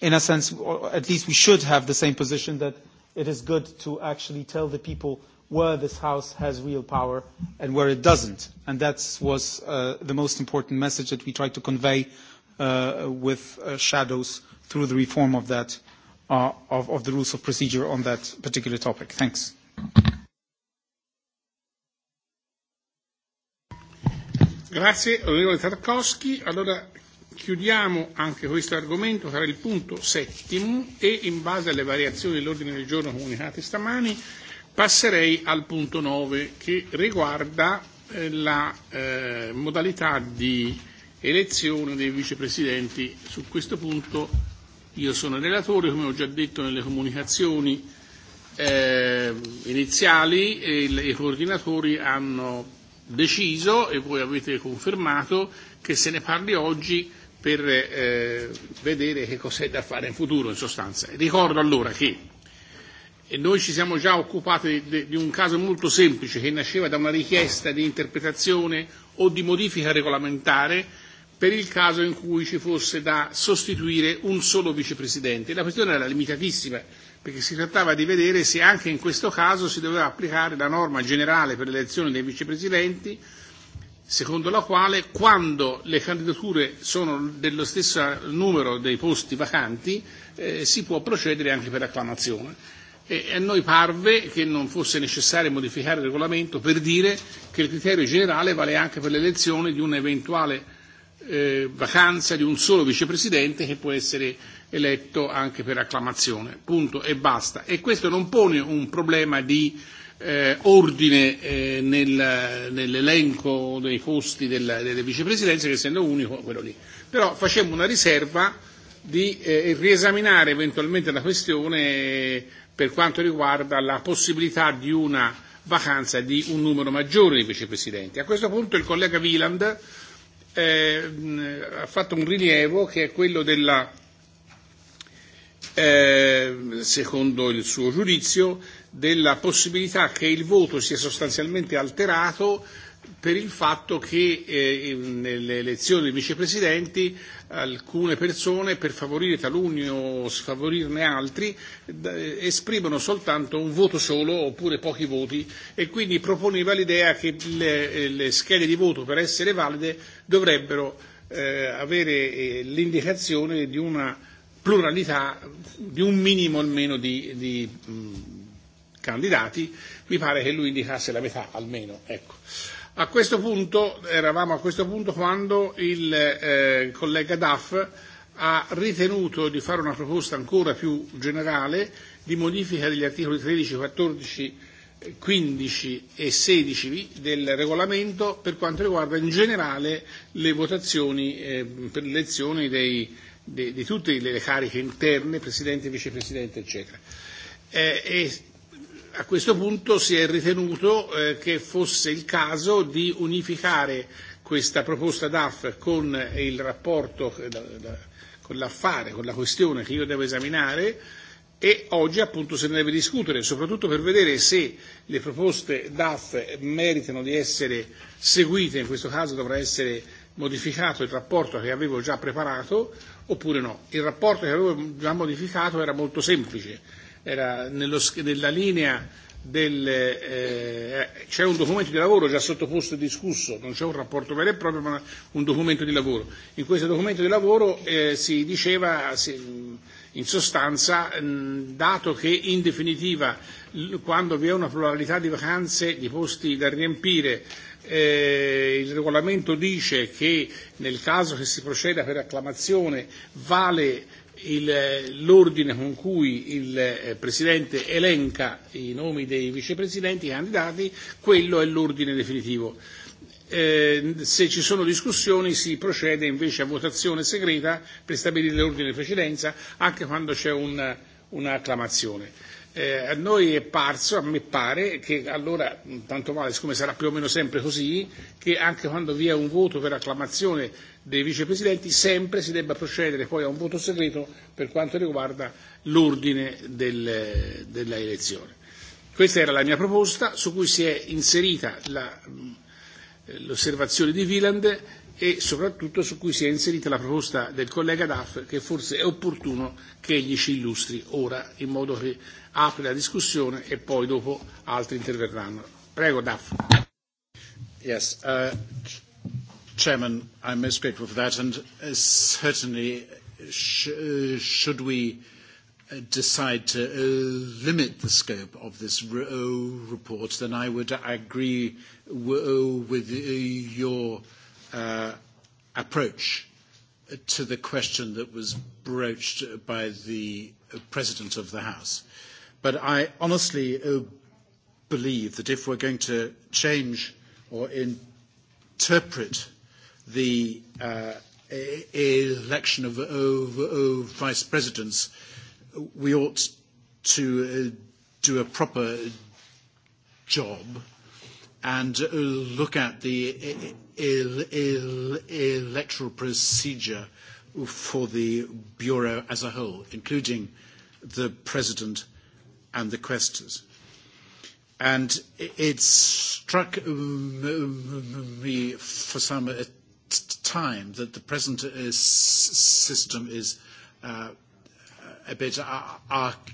in a sense, or at least we should have the same position that it is good to actually tell the people where this house has real power and where it doesn't, and that was uh, the most important message that we tried to convey uh, with uh, shadows through the reform of that. Uh, of, of the rules of procedure on that particular topic. Thanks. Grazie onorevole Tarkovsky. Allora chiudiamo anche questo argomento, sarà il punto settimo e in base alle variazioni dell'ordine del giorno comunicate stamani passerei al punto 9 che riguarda eh, la eh, modalità di elezione dei vicepresidenti. Su questo punto io sono il relatore, come ho già detto nelle comunicazioni eh, iniziali, e i coordinatori hanno deciso e voi avete confermato che se ne parli oggi per eh, vedere che cos'è da fare in futuro in sostanza. Ricordo allora che e noi ci siamo già occupati di, di un caso molto semplice che nasceva da una richiesta di interpretazione o di modifica regolamentare per il caso in cui ci fosse da sostituire un solo vicepresidente. La questione era limitatissima, perché si trattava di vedere se anche in questo caso si doveva applicare la norma generale per l'elezione dei vicepresidenti, secondo la quale quando le candidature sono dello stesso numero dei posti vacanti eh, si può procedere anche per acclamazione. E, e a noi parve che non fosse necessario modificare il regolamento per dire che il criterio generale vale anche per l'elezione di un'eventuale eh, vacanza di un solo vicepresidente che può essere eletto anche per acclamazione, punto e basta. E questo non pone un problema di eh, ordine eh, nel, nell'elenco dei posti del, delle vicepresidenze, che essendo unico quello lì. Però facemmo una riserva di eh, riesaminare eventualmente la questione per quanto riguarda la possibilità di una vacanza di un numero maggiore di vicepresidenti. A questo punto il collega Wieland eh, ha fatto un rilievo che è quello della eh, secondo il suo giudizio, della possibilità che il voto sia sostanzialmente alterato per il fatto che eh, nelle elezioni dei vicepresidenti alcune persone, per favorire taluni o sfavorirne altri, d- esprimono soltanto un voto solo oppure pochi voti e quindi proponeva l'idea che le, le schede di voto per essere valide dovrebbero eh, avere eh, l'indicazione di una pluralità di un minimo almeno di, di mh, mm, candidati, mi pare che lui indicasse la metà almeno. Ecco. A questo punto, eravamo a questo punto quando il eh, collega Duff ha ritenuto di fare una proposta ancora più generale di modifica degli articoli 13, 14, 15 e 16 del regolamento per quanto riguarda in generale le votazioni eh, per l'elezione dei di, di tutte le cariche interne, presidente, vicepresidente, eccetera. Eh, e a questo punto si è ritenuto eh, che fosse il caso di unificare questa proposta DAF con il rapporto, la, eh, la, con l'affare, con la questione che io devo esaminare e oggi appunto se ne deve discutere, soprattutto per vedere se le proposte DAF meritano di essere seguite, in questo caso dovrà essere modificato il rapporto che avevo già preparato, oppure no. Il rapporto che avevo già modificato era molto semplice, era nello, nella linea del, eh, c'è un documento di lavoro già sottoposto e discusso, non c'è un rapporto vero e proprio, ma un documento di lavoro. In questo documento di lavoro eh, si diceva, si, in sostanza, mh, mm, dato che in definitiva quando vi è una pluralità di vacanze, di posti da riempire, eh, il regolamento dice che nel caso che si proceda per acclamazione vale il, eh, l'ordine con cui il eh, Presidente elenca i nomi dei vicepresidenti e candidati, quello è l'ordine definitivo. Eh, se ci sono discussioni si procede invece a votazione segreta per stabilire l'ordine di precedenza anche quando c'è un, un'acclamazione. Eh, a noi è parso, a me pare, che allora, mm, tanto male, siccome sarà più o meno sempre così, che anche quando vi è un voto per acclamazione dei vicepresidenti sempre si debba procedere poi a un voto segreto per quanto riguarda l'ordine del, della elezione. Questa era la mia proposta su cui si è inserita la, mm, l'osservazione di Wieland e soprattutto su cui si è inserita la proposta del collega Duff che forse è opportuno che egli ci illustri ora in modo che apre la discussione e poi dopo altri interverranno. Prego, Daff. Yes, uh, Chairman, I'm most grateful for that, and uh, certainly sh uh, should we uh, decide to uh, limit the scope of this re- uh, report, then I would agree w- uh, with uh, your uh, approach to the question that was broached by the President of the House. Uh, But I honestly uh, believe that if we're going to change or interpret the uh, e-, election of, of, of vice presidents, we ought to uh, do a proper job and uh, look at the el- el- e-, e-, electoral procedure for the Bureau as a whole, including the President and the questors. And it struck me for some uh, time that the present uh, system is uh, a bit archaic.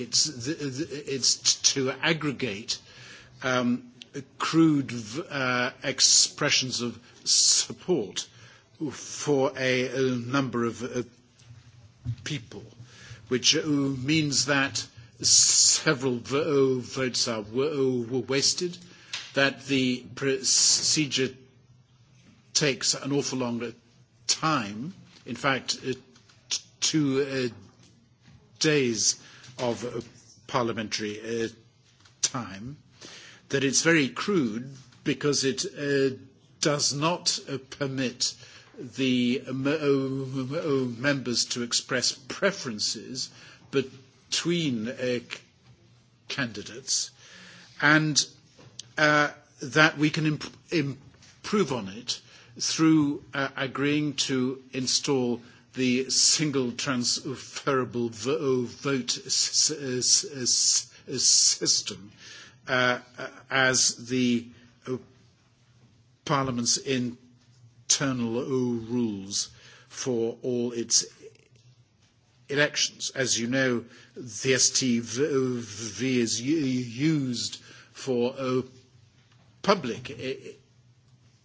It's, it's to aggregate um, crude uh, expressions of support for a, a uh, number of uh, people which uh, means that several uh, votes are uh, wasted, that the procedure takes an awful long time. In fact, two days of parliamentary time. That it's very crude because it does not permit the members to express preferences between uh, candidates and uh, that we can imp- improve on it through uh, agreeing to install the single transferable vo- vote s- s- s- system uh, uh, as the uh, Parliament's in internal rules for all its elections. As you know, the STV is used for uh, public e, e,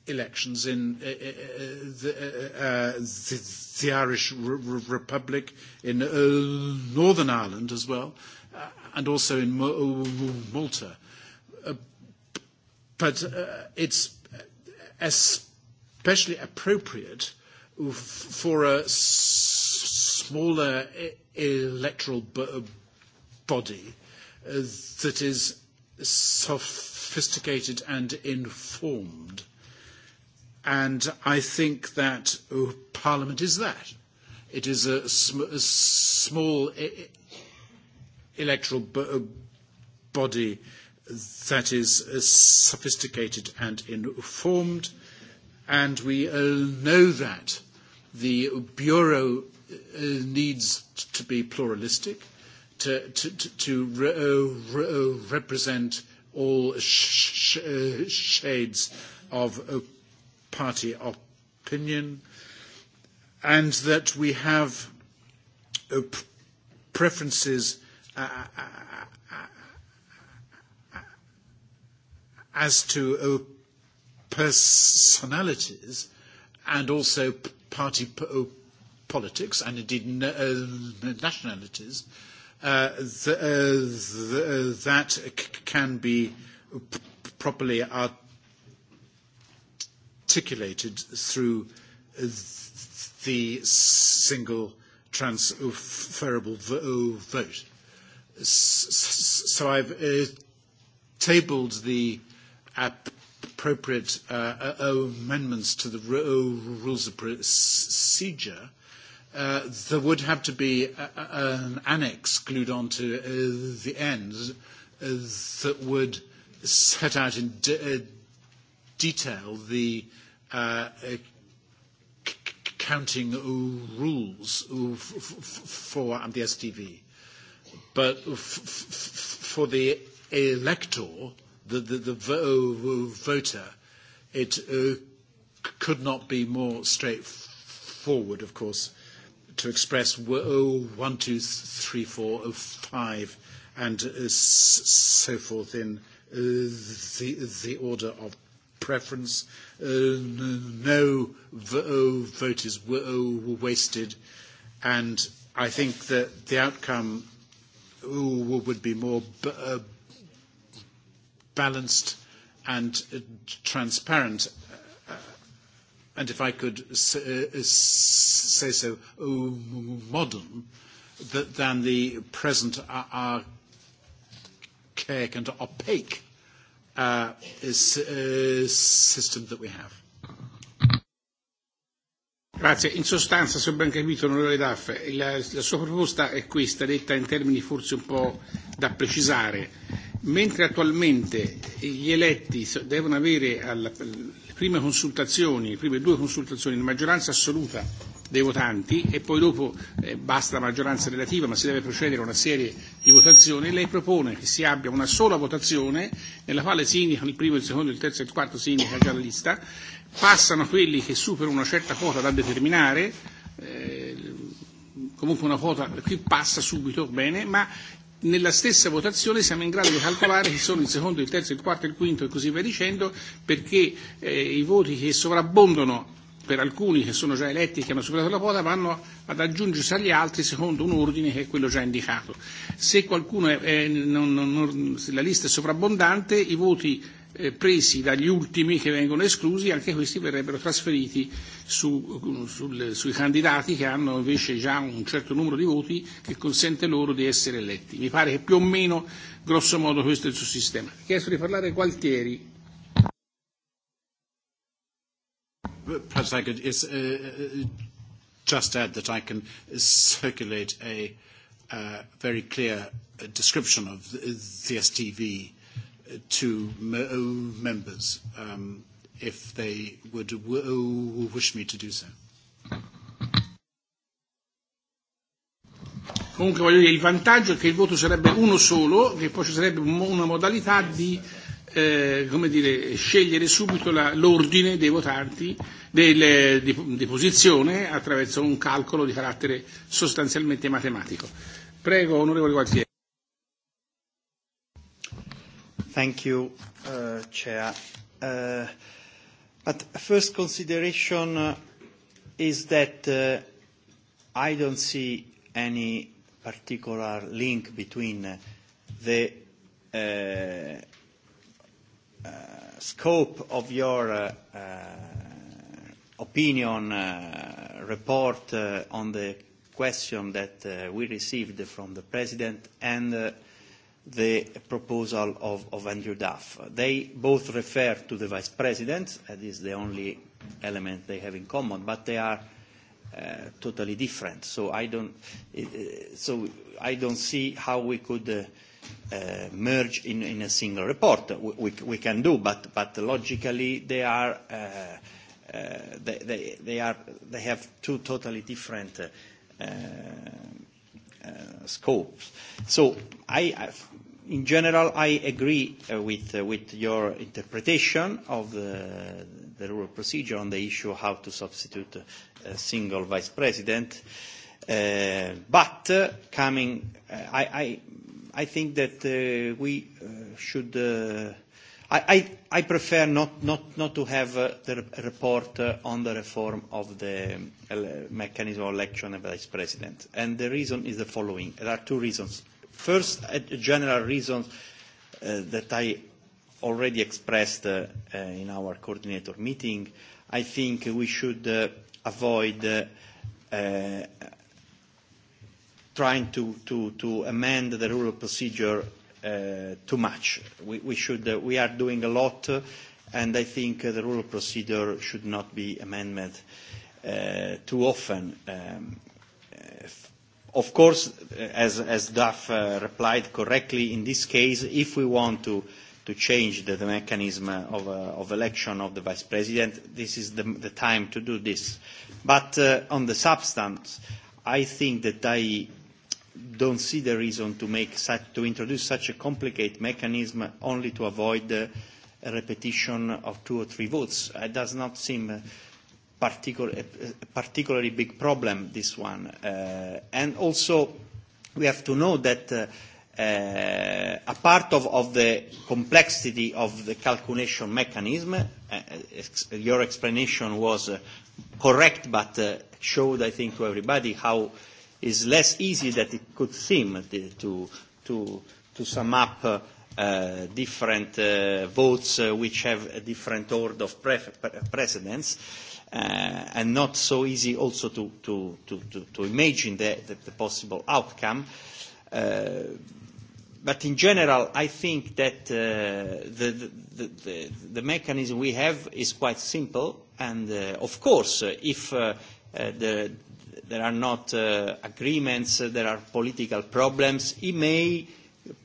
elections in e, uh, the Irish Republic, in uh, Northern Ireland as well, and also in Malta. But it's especially appropriate for a smaller e-, electoral body uh, that is sophisticated and informed. And I think that oh, Parliament is that. It is a, sm- a small e-, e- electoral b- uh, body that is uh, sophisticated and informed And we uh, know that the Bureau uh, needs to be pluralistic, to, to, to, to re- uh, re- uh, represent all sh- sh- uh, shades of uh, party opinion, and that we have uh, p- preferences uh, uh, uh, uh as to uh, personalities and also party po- oh, politics and indeed n- uh, nationalities uh, th- uh, th- uh, that c- can be p- properly articulated through the single transferable oh, vote. So I've uh, tabled the app appropriate uh, uh, amendments to the rules of procedure, uh, there would have to be a, uh, a, uh, an annex glued onto uh, the end uh, that would set out in de- uh, detail the uh, uh, c- counting uh, rules f- f- for um, the STV. But f- f- for the elector, uh, the, the, the vo- voter, it uh, could not be more straightforward, of course, to express oh, 1, 2, 3, 4, oh, 5, and uh, so forth in uh, the, the order of preference. Uh, no v- oh, vote is w- oh, wasted. And I think that the outcome ooh, would be more b- uh, balanced and uh, transparent. Uh, and if I could s- uh, say so, uh, modern that, than the present uh, archaic and opaque uh, is, uh, system that we have. Grazie. In sostanza, se ho ben capito, onorevole Daff, la, la sua proposta è questa, detta in termini forse un po' da precisare. Mentre attualmente gli eletti devono avere alla, le prime consultazioni, le prime due consultazioni in maggioranza assoluta dei votanti e poi dopo eh, basta maggioranza relativa, ma si deve procedere a una serie di votazioni. Lei propone che si abbia una sola votazione nella quale si indicano il primo, il secondo, il terzo e il quarto, si indica già la lista, passano quelli che superano una certa quota da determinare, eh, comunque una quota qui passa subito bene, ma nella stessa votazione siamo in grado di calcolare chi sono il secondo, il terzo, il quarto, il quinto e così via dicendo, perché eh, i voti che sovrabbondano per alcuni che sono già eletti e che hanno superato la quota vanno ad aggiungersi agli altri secondo un ordine che è quello già indicato. Se, qualcuno è, è, non, non, non, se la lista è sovrabbondante, i voti eh, presi dagli ultimi che vengono esclusi, anche questi verrebbero trasferiti su, sul, sui candidati che hanno invece già un certo numero di voti che consente loro di essere eletti. Mi pare che più o meno, grosso modo, questo è il suo sistema. Chiesto di parlare Gualtieri. perhaps I could is, uh, uh, just add that I can circulate a uh, very clear uh, description of the STV uh, to m- members um, if they would w- wish me to do so. Comunque voglio dire, il vantaggio è che il voto sarebbe uno solo, che poi ci sarebbe una modalità di eh, come dire, scegliere subito la, l'ordine dei votanti del, di, di posizione attraverso un calcolo di carattere sostanzialmente matematico. Prego, onorevole Gualtieri. Thank you, uh, Chair. Uh, at first consideration uh, is that uh, I don't see any particular link between uh, the uh, uh, scope of your uh, uh, opinion uh, report uh, on the question that uh, we received from the President and uh, the proposal of, of Andrew Duff. They both refer to the Vice President, that is the only element they have in common, but they are uh, totally different. So I don't, uh, uh so I don't see how we could uh, uh, merge in, in a single report. We, we can do, but, but logically they are, uh, uh, they, they, they, are, they have two totally different uh, uh, uh scopes. So I, I've, in general, I agree uh, with, uh, with your interpretation of the, the rule of procedure on the issue how to substitute a single vice president. Uh, but uh, coming, uh, I, I I think that uh, we uh, should. Uh, I, I, I prefer not, not, not to have uh, the report uh, on the reform of the uh, mechanism of election of vice president. And the reason is the following. There are two reasons. First, a general reason uh, that I already expressed uh, uh, in our coordinator meeting. I think we should uh, avoid uh, uh, trying to, to, to amend the rule of procedure uh, too much. We, we, should, uh, we are doing a lot, uh, and I think uh, the rule of procedure should not be amended uh, too often. Um, uh, of course, uh, as, as Duff uh, replied correctly, in this case, if we want to, to change the, the mechanism of, uh, of election of the vice president, this is the, the time to do this. But uh, on the substance, I think that I don't see the reason to make such, to introduce such a complicated mechanism only to avoid uh, a repetition of two or three votes. Uh, it does not seem a, particular, a particularly big problem, this one. Uh, and also, we have to know that uh, uh, a part of, of the complexity of the calculation mechanism, uh, ex your explanation was uh, correct, but uh, showed, I think, to everybody how uh, is less easy than it could seem to, to, to sum up uh, uh, different uh, votes uh, which have a different order of pref- precedence. Uh, and not so easy also to, to, to, to, to imagine the, the, the possible outcome. Uh, but in general, I think that uh, the, the, the, the mechanism we have is quite simple. And uh, of course, uh, if uh, uh, the, there are not uh, agreements, uh, there are political problems, it may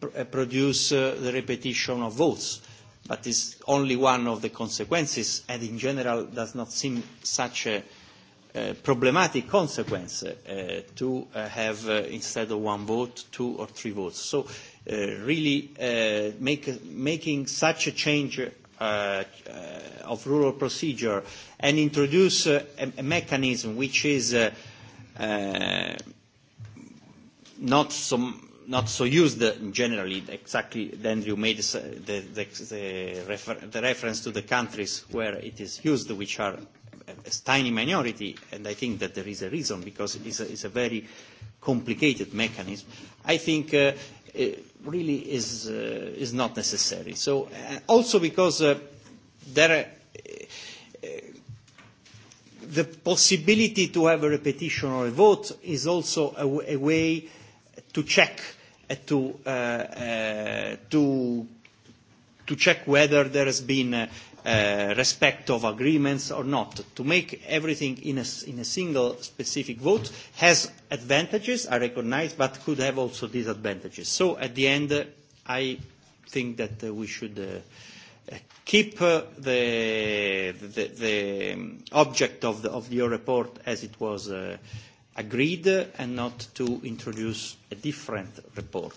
pr uh, produce uh, the repetition of votes, but it's only one of the consequences, and in general does not seem such a uh, problematic consequence uh, to uh, have, uh, instead of one vote, two or three votes. So uh, really uh, make, making such a change uh, uh, of rural procedure and introduce uh, a, a mechanism which is uh, uh, not so not so used generally exactly then you made the, the, the, refer, the reference to the countries where it is used which are a tiny minority and I think that there is a reason because it is a, it's a very complicated mechanism I think uh, it really is uh, is not necessary so uh, also because uh, there are, uh, the possibility to have a repetition or a vote is also a, w- a way to check uh, to uh, uh, to to check whether there has been uh, uh, respect of agreements or not. To make everything in a, in a single specific vote has advantages, I recognize, but could have also disadvantages. So at the end, uh, I think that uh, we should uh, keep uh, the, the, the object of, the, of your report as it was uh, agreed and not to introduce a different report.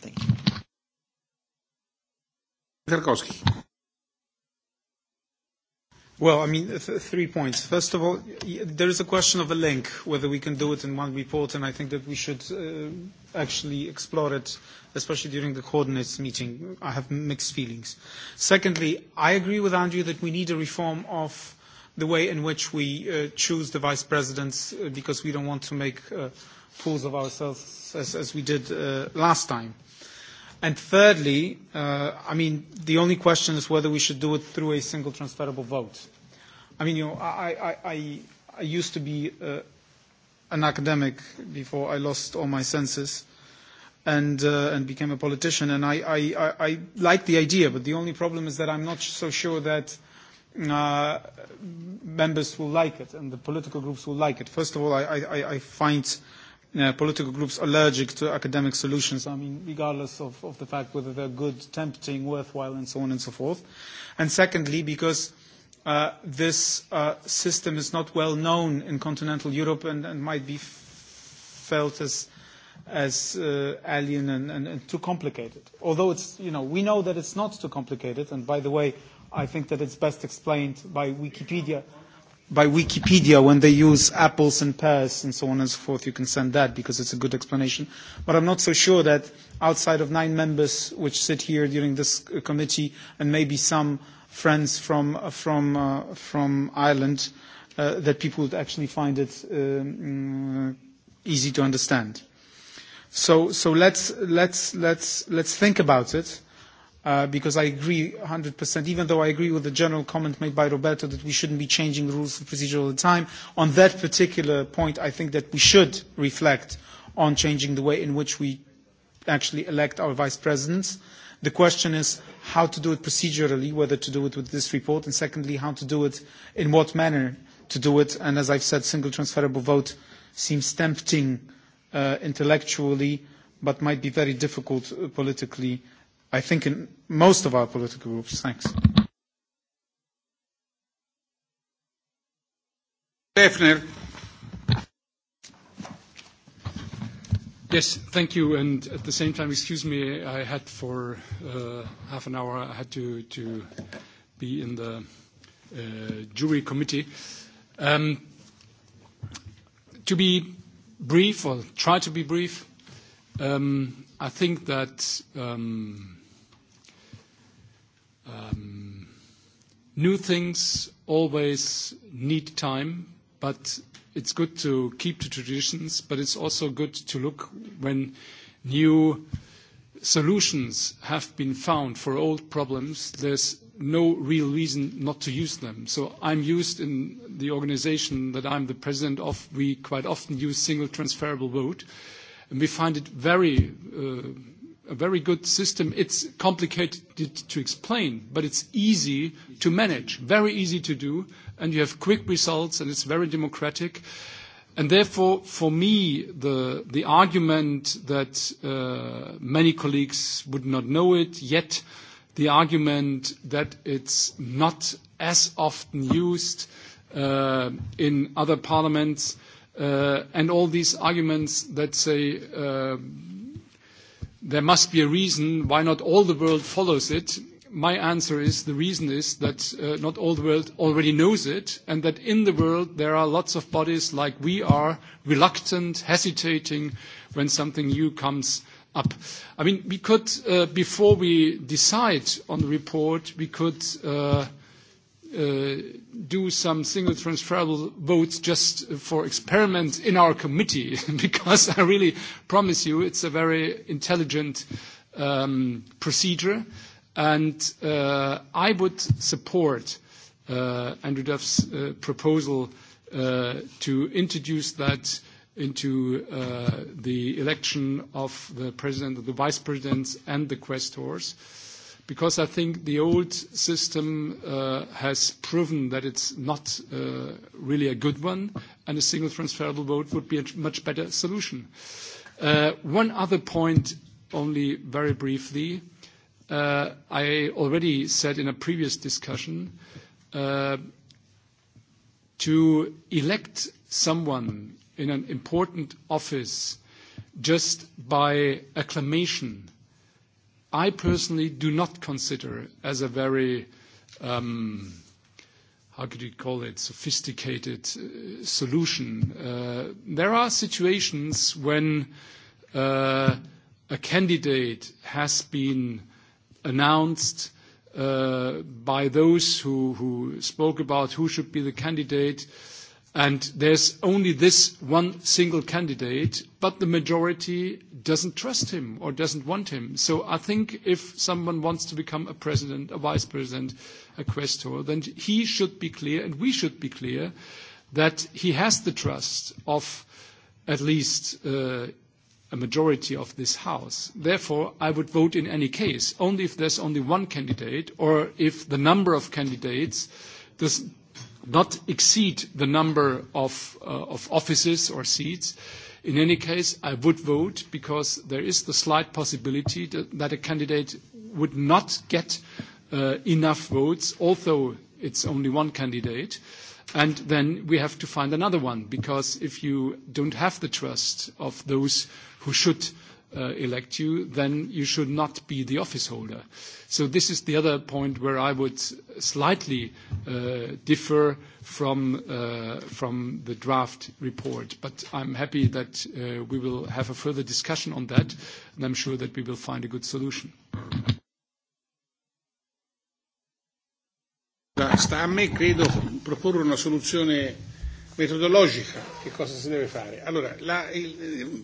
Thank you. Tarkovsky. Well, I mean, th- three points. First of all, y- there is a question of a link, whether we can do it in one report, and I think that we should uh, actually explore it, especially during the coordinates meeting. I have mixed feelings. Secondly, I agree with Andrew that we need a reform of the way in which we uh, choose the vice presidents uh, because we don't want to make uh, fools of ourselves as, as we did uh, last time. Uh, And thirdly, uh, I mean, the only question is whether we should do it through a single transferable vote. I mean, you know, I, I, I, I used to be uh, an academic before I lost all my senses and, uh, and became a politician, and I, I, I, I like the idea, but the only problem is that I'm not so sure that uh, members will like it and the political groups will like it. First of all, I, I, I find uh, uh, political groups allergic to academic solutions, I mean, regardless of, of the fact whether they're good, tempting, worthwhile, and so on and so forth. And secondly, because uh, this uh, system is not well known in continental Europe and, and might be f- felt as as uh, alien and, and, and too complicated. Although it's, you know, we know that it's not too complicated, and by the way, I think that it's best explained by Wikipedia. Yeah by Wikipedia when they use apples and pears and so on and so forth. You can send that because it's a good explanation. But I'm not so sure that outside of nine members which sit here during this committee and maybe some friends from, uh, from, uh, from Ireland, uh, that people would actually find it um, mm, easy to understand. So, so let's, let's, let's, let's think about it. Uh, uh, because I agree 100%, even though I agree with the general comment made by Roberto that we shouldn't be changing rules of procedure all the time. On that particular point, I think that we should reflect on changing the way in which we actually elect our vice presidents. The question is how to do it procedurally, whether to do it with this report, and secondly, how to do it, in what manner to do it. And as I've said, single transferable vote seems tempting uh, intellectually, but might be very difficult uh, politically I think, in most of our political groups. Thanks. Defner. Yes, thank you. And at the same time, excuse me, I had for uh, half an hour, I had to, to be in the uh, jury committee. Um, to be brief, or try to be brief, um, I think that um, Um, new things always need time, but it's good to keep the traditions, but it's also good to look when new solutions have been found for old problems. There's no real reason not to use them. So I'm used in the organization that I'm the president of, we quite often use single transferable vote, and we find it very uh, a very good system. It's complicated to explain, but it's easy to manage, very easy to do, and you have quick results, and it's very democratic. And therefore, for me, the, the argument that uh, many colleagues would not know it yet, the argument that it's not as often used uh, in other parliaments, uh, and all these arguments that say uh, there must be a reason why not all the world follows it. My answer is the reason is that uh, not all the world already knows it, and that in the world there are lots of bodies like we are, reluctant, hesitating when something new comes up. I mean, we could, uh, before we decide on the report, we could uh, Uh, do some single transferable votes just for experiment in our committee, (laughs) because I really promise you it's a very intelligent um, procedure. And uh, I would support uh, Andrew Duff's uh, proposal uh, to introduce that into uh, the election of the president, the vice presidents, and the questors. Uh, because I think the old system uh, has proven that it's not uh, really a good one, and a single transferable vote would be a much better solution. Uh, one other point, only very briefly. Uh, I already said in a previous discussion, uh, to elect someone in an important office just by acclamation I personally do not consider as a very, um, how could you call it, sophisticated uh, solution. Uh, there are situations when uh, a candidate has been announced uh, by those who, who spoke about who should be the candidate, And there's only this one single candidate, but the majority doesn't trust him or doesn't want him. So I think if someone wants to become a president, a vice president, a questor, then he should be clear and we should be clear that he has the trust of at least uh, a majority of this House. Therefore, I would vote in any case, only if there's only one candidate or if the number of candidates does, not exceed the number of, uh, of offices or seats. In any case, I would vote because there is the slight possibility that, that a candidate would not get uh, enough votes, although it's only one candidate. And then we have to find another one, because if you don't have the trust of those who should uh, uh, elect you, then you should not be the office holder. So this is the other point where I would slightly uh, differ from, uh, from the draft report. But I'm happy that uh, we will have a further discussion on that, and I'm sure that we will find a good solution. Sta a me, credo, proporre una soluzione metodologica. Che cosa si deve fare? Allora, la, il,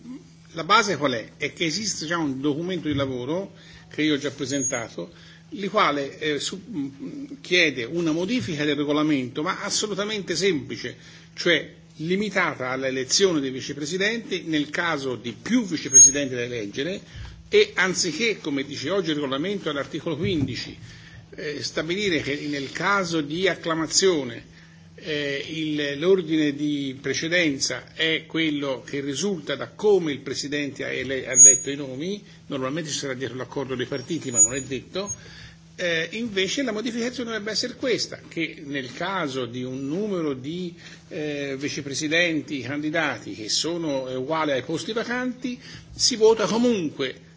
La base qual è? È che esiste già un documento di lavoro che io ho già presentato, il quale eh, su, mh, chiede una modifica del regolamento, ma assolutamente semplice, cioè limitata all'elezione dei vicepresidenti nel caso di più vicepresidenti da eleggere e anziché, come dice oggi il regolamento all'articolo 15, eh, stabilire che nel caso di acclamazione eh, il, l'ordine di precedenza è quello che risulta da come il Presidente ha, ele- ha detto i nomi, normalmente ci sarà dietro l'accordo dei partiti, ma non è detto, eh, invece la modificazione dovrebbe essere questa, che nel caso di un numero di eh, vicepresidenti candidati che sono eh, uguali ai posti vacanti, si vota comunque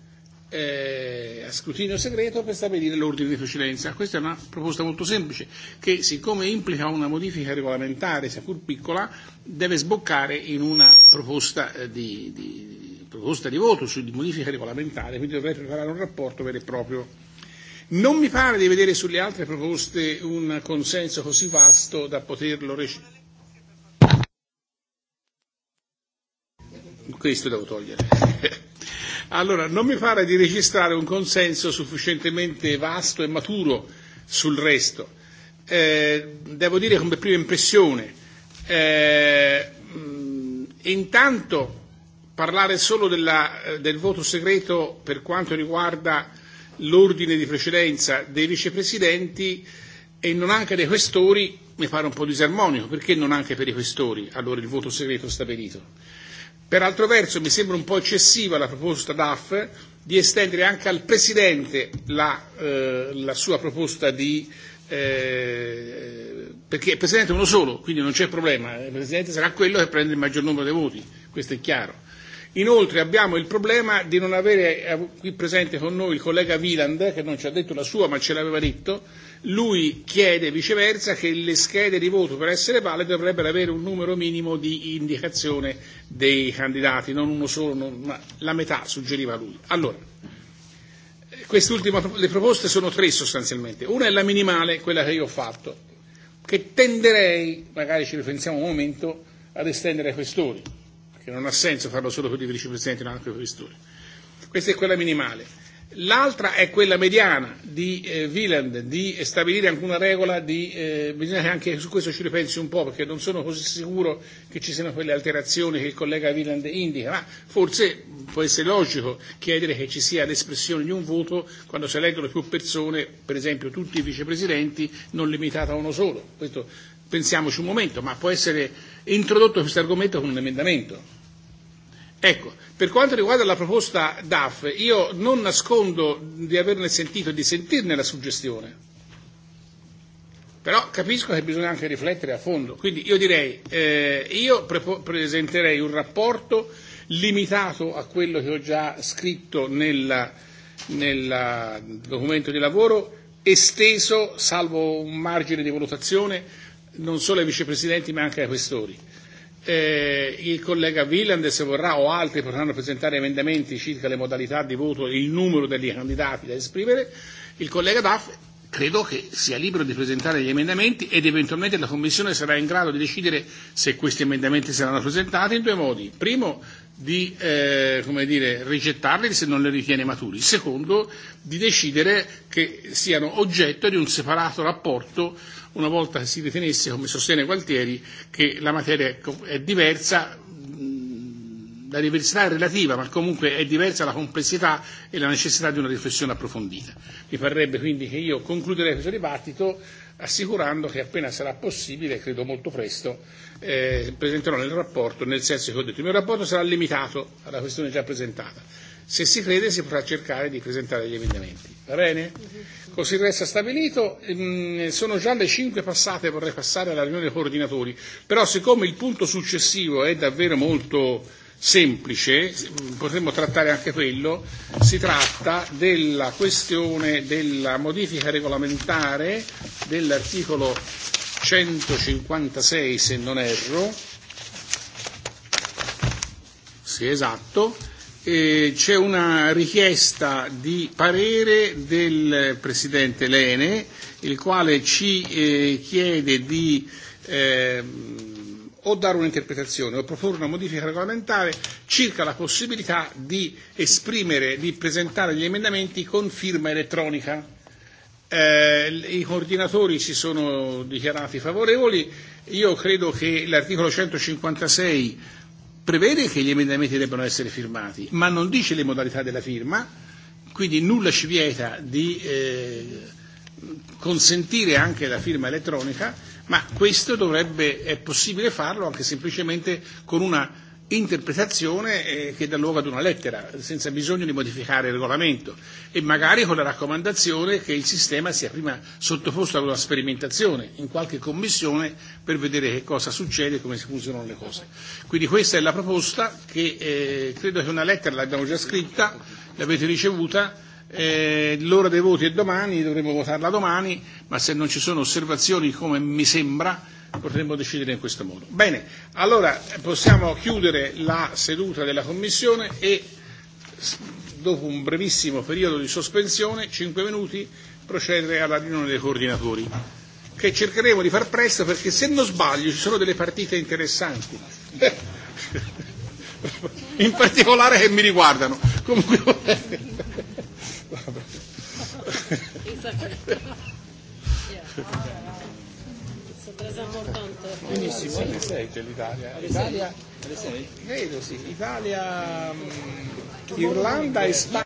eh, a scrutinio segreto per stabilire l'ordine di precedenza. Questa è una proposta molto semplice che, siccome implica una modifica regolamentare, seppur piccola, deve sboccare in una proposta eh, di, di, proposta di voto su di modifica regolamentare, quindi dovrei preparare un rapporto vero e proprio. Non mi pare di vedere sulle altre proposte un consenso così vasto da poterlo recitare. Questo devo togliere. (laughs) Allora, non mi pare di registrare un consenso sufficientemente vasto e maturo sul resto. Eh, devo dire come prima impressione, eh, mh, intanto parlare solo della, eh, del voto segreto per quanto riguarda l'ordine di precedenza dei vicepresidenti e non anche dei questori mi pare un po' disarmonico, perché non anche per i questori allora il voto segreto stabilito? Per altro verso mi sembra un po' eccessiva la proposta DAF di estendere anche al Presidente la, eh, la sua proposta di eh, perché il Presidente è uno solo, quindi non c'è problema, il Presidente sarà quello che prende il maggior numero dei voti, questo è chiaro. Inoltre abbiamo il problema di non avere eh, qui presente con noi il collega Wieland, che non ci ha detto la sua ma ce l'aveva detto, lui chiede viceversa che le schede di voto per essere valide dovrebbero avere un numero minimo di indicazione dei candidati, non uno solo, non, ma la metà suggeriva lui. Allora, eh, quest'ultima, le proposte sono tre sostanzialmente. Una è la minimale, quella che io ho fatto, che tenderei, magari ci ripensiamo un momento, ad estendere ai questori che non ha senso farlo solo per i vicepresidenti, ma anche per i questori. Questa è quella minimale. L'altra è quella mediana di eh, Wieland, di stabilire anche una regola di... Eh, bisogna che anche su questo ci ripensi un po', perché non sono così sicuro che ci siano quelle alterazioni che il collega Wieland indica, ma forse può essere logico chiedere che ci sia l'espressione di un voto quando si eleggono più persone, per esempio tutti i vicepresidenti, non limitata a uno solo. Questo pensiamoci un momento, ma può essere introdotto questo argomento con un emendamento Ecco, per quanto riguarda la proposta DAF, io non nascondo di averne sentito e di sentirne la suggestione, però capisco che bisogna anche riflettere a fondo. Quindi io direi, eh, io pre- presenterei un rapporto limitato a quello che ho già scritto nel, nel documento di lavoro, esteso, salvo un margine di valutazione, non solo ai vicepresidenti ma anche ai questori eh, il collega Wieland, se vorrà, o altri potranno presentare emendamenti circa le modalità di voto e il numero degli candidati da esprimere. Il collega Duff credo che sia libero di presentare gli emendamenti ed eventualmente la Commissione sarà in grado di decidere se questi emendamenti saranno presentati in due modi. Primo, di eh, come dire, rigettarli se non li ritiene maturi, il secondo di decidere che siano oggetto di un separato rapporto una volta che si ritenesse, come sostiene Gualtieri, che la materia è diversa, la diversità è relativa, ma comunque è diversa la complessità e la necessità di una riflessione approfondita. Mi parrebbe quindi che io concluderei questo dibattito assicurando che appena sarà possibile, credo molto presto, eh, presenterò nel rapporto, nel senso che ho detto il mio rapporto sarà limitato alla questione già presentata. Se si crede si potrà cercare di presentare gli emendamenti. Va bene? Così resta stabilito. Mh, mm, sono già le 5 passate, vorrei passare alla riunione dei coordinatori, però siccome il punto successivo è davvero molto semplice, potremmo trattare anche quello, si tratta della questione della modifica regolamentare dell'articolo 156, se non erro, sì esatto, eh, c'è una richiesta di parere del Presidente Lene, il quale ci eh, chiede di eh, o dare un'interpretazione o proporre una modifica regolamentare circa la possibilità di esprimere, di presentare gli emendamenti con firma elettronica. Eh, I coordinatori si sono dichiarati favorevoli, io credo che l'articolo 156 prevede che gli emendamenti debbano essere firmati, ma non dice le modalità della firma, quindi nulla ci vieta di eh, consentire anche la firma elettronica ma questo dovrebbe, è possibile farlo anche semplicemente con una interpretazione eh, che dà luogo ad una lettera, senza bisogno di modificare il regolamento e magari con la raccomandazione che il sistema sia prima sottoposto ad una sperimentazione in qualche commissione per vedere che cosa succede e come si funzionano le cose. Quindi questa è la proposta che eh, credo che una lettera l'abbiamo già scritta, l'avete ricevuta Eh, l'ora dei voti è domani, dovremo votarla domani, ma se non ci sono osservazioni, come mi sembra, potremmo decidere in questo modo. Bene, allora possiamo chiudere la seduta della Commissione e dopo un brevissimo periodo di sospensione, 5 minuti, procedere alla riunione dei coordinatori, che cercheremo di far presto perché se non sbaglio ci sono delle partite interessanti, (laughs) in particolare che mi riguardano. Comunque, Exactly. yeah. Benissimo, alle 6 c'è l'Italia. Italia? Alle 6? Credo sì. Italia, mh, mm, Irlanda e Spagna.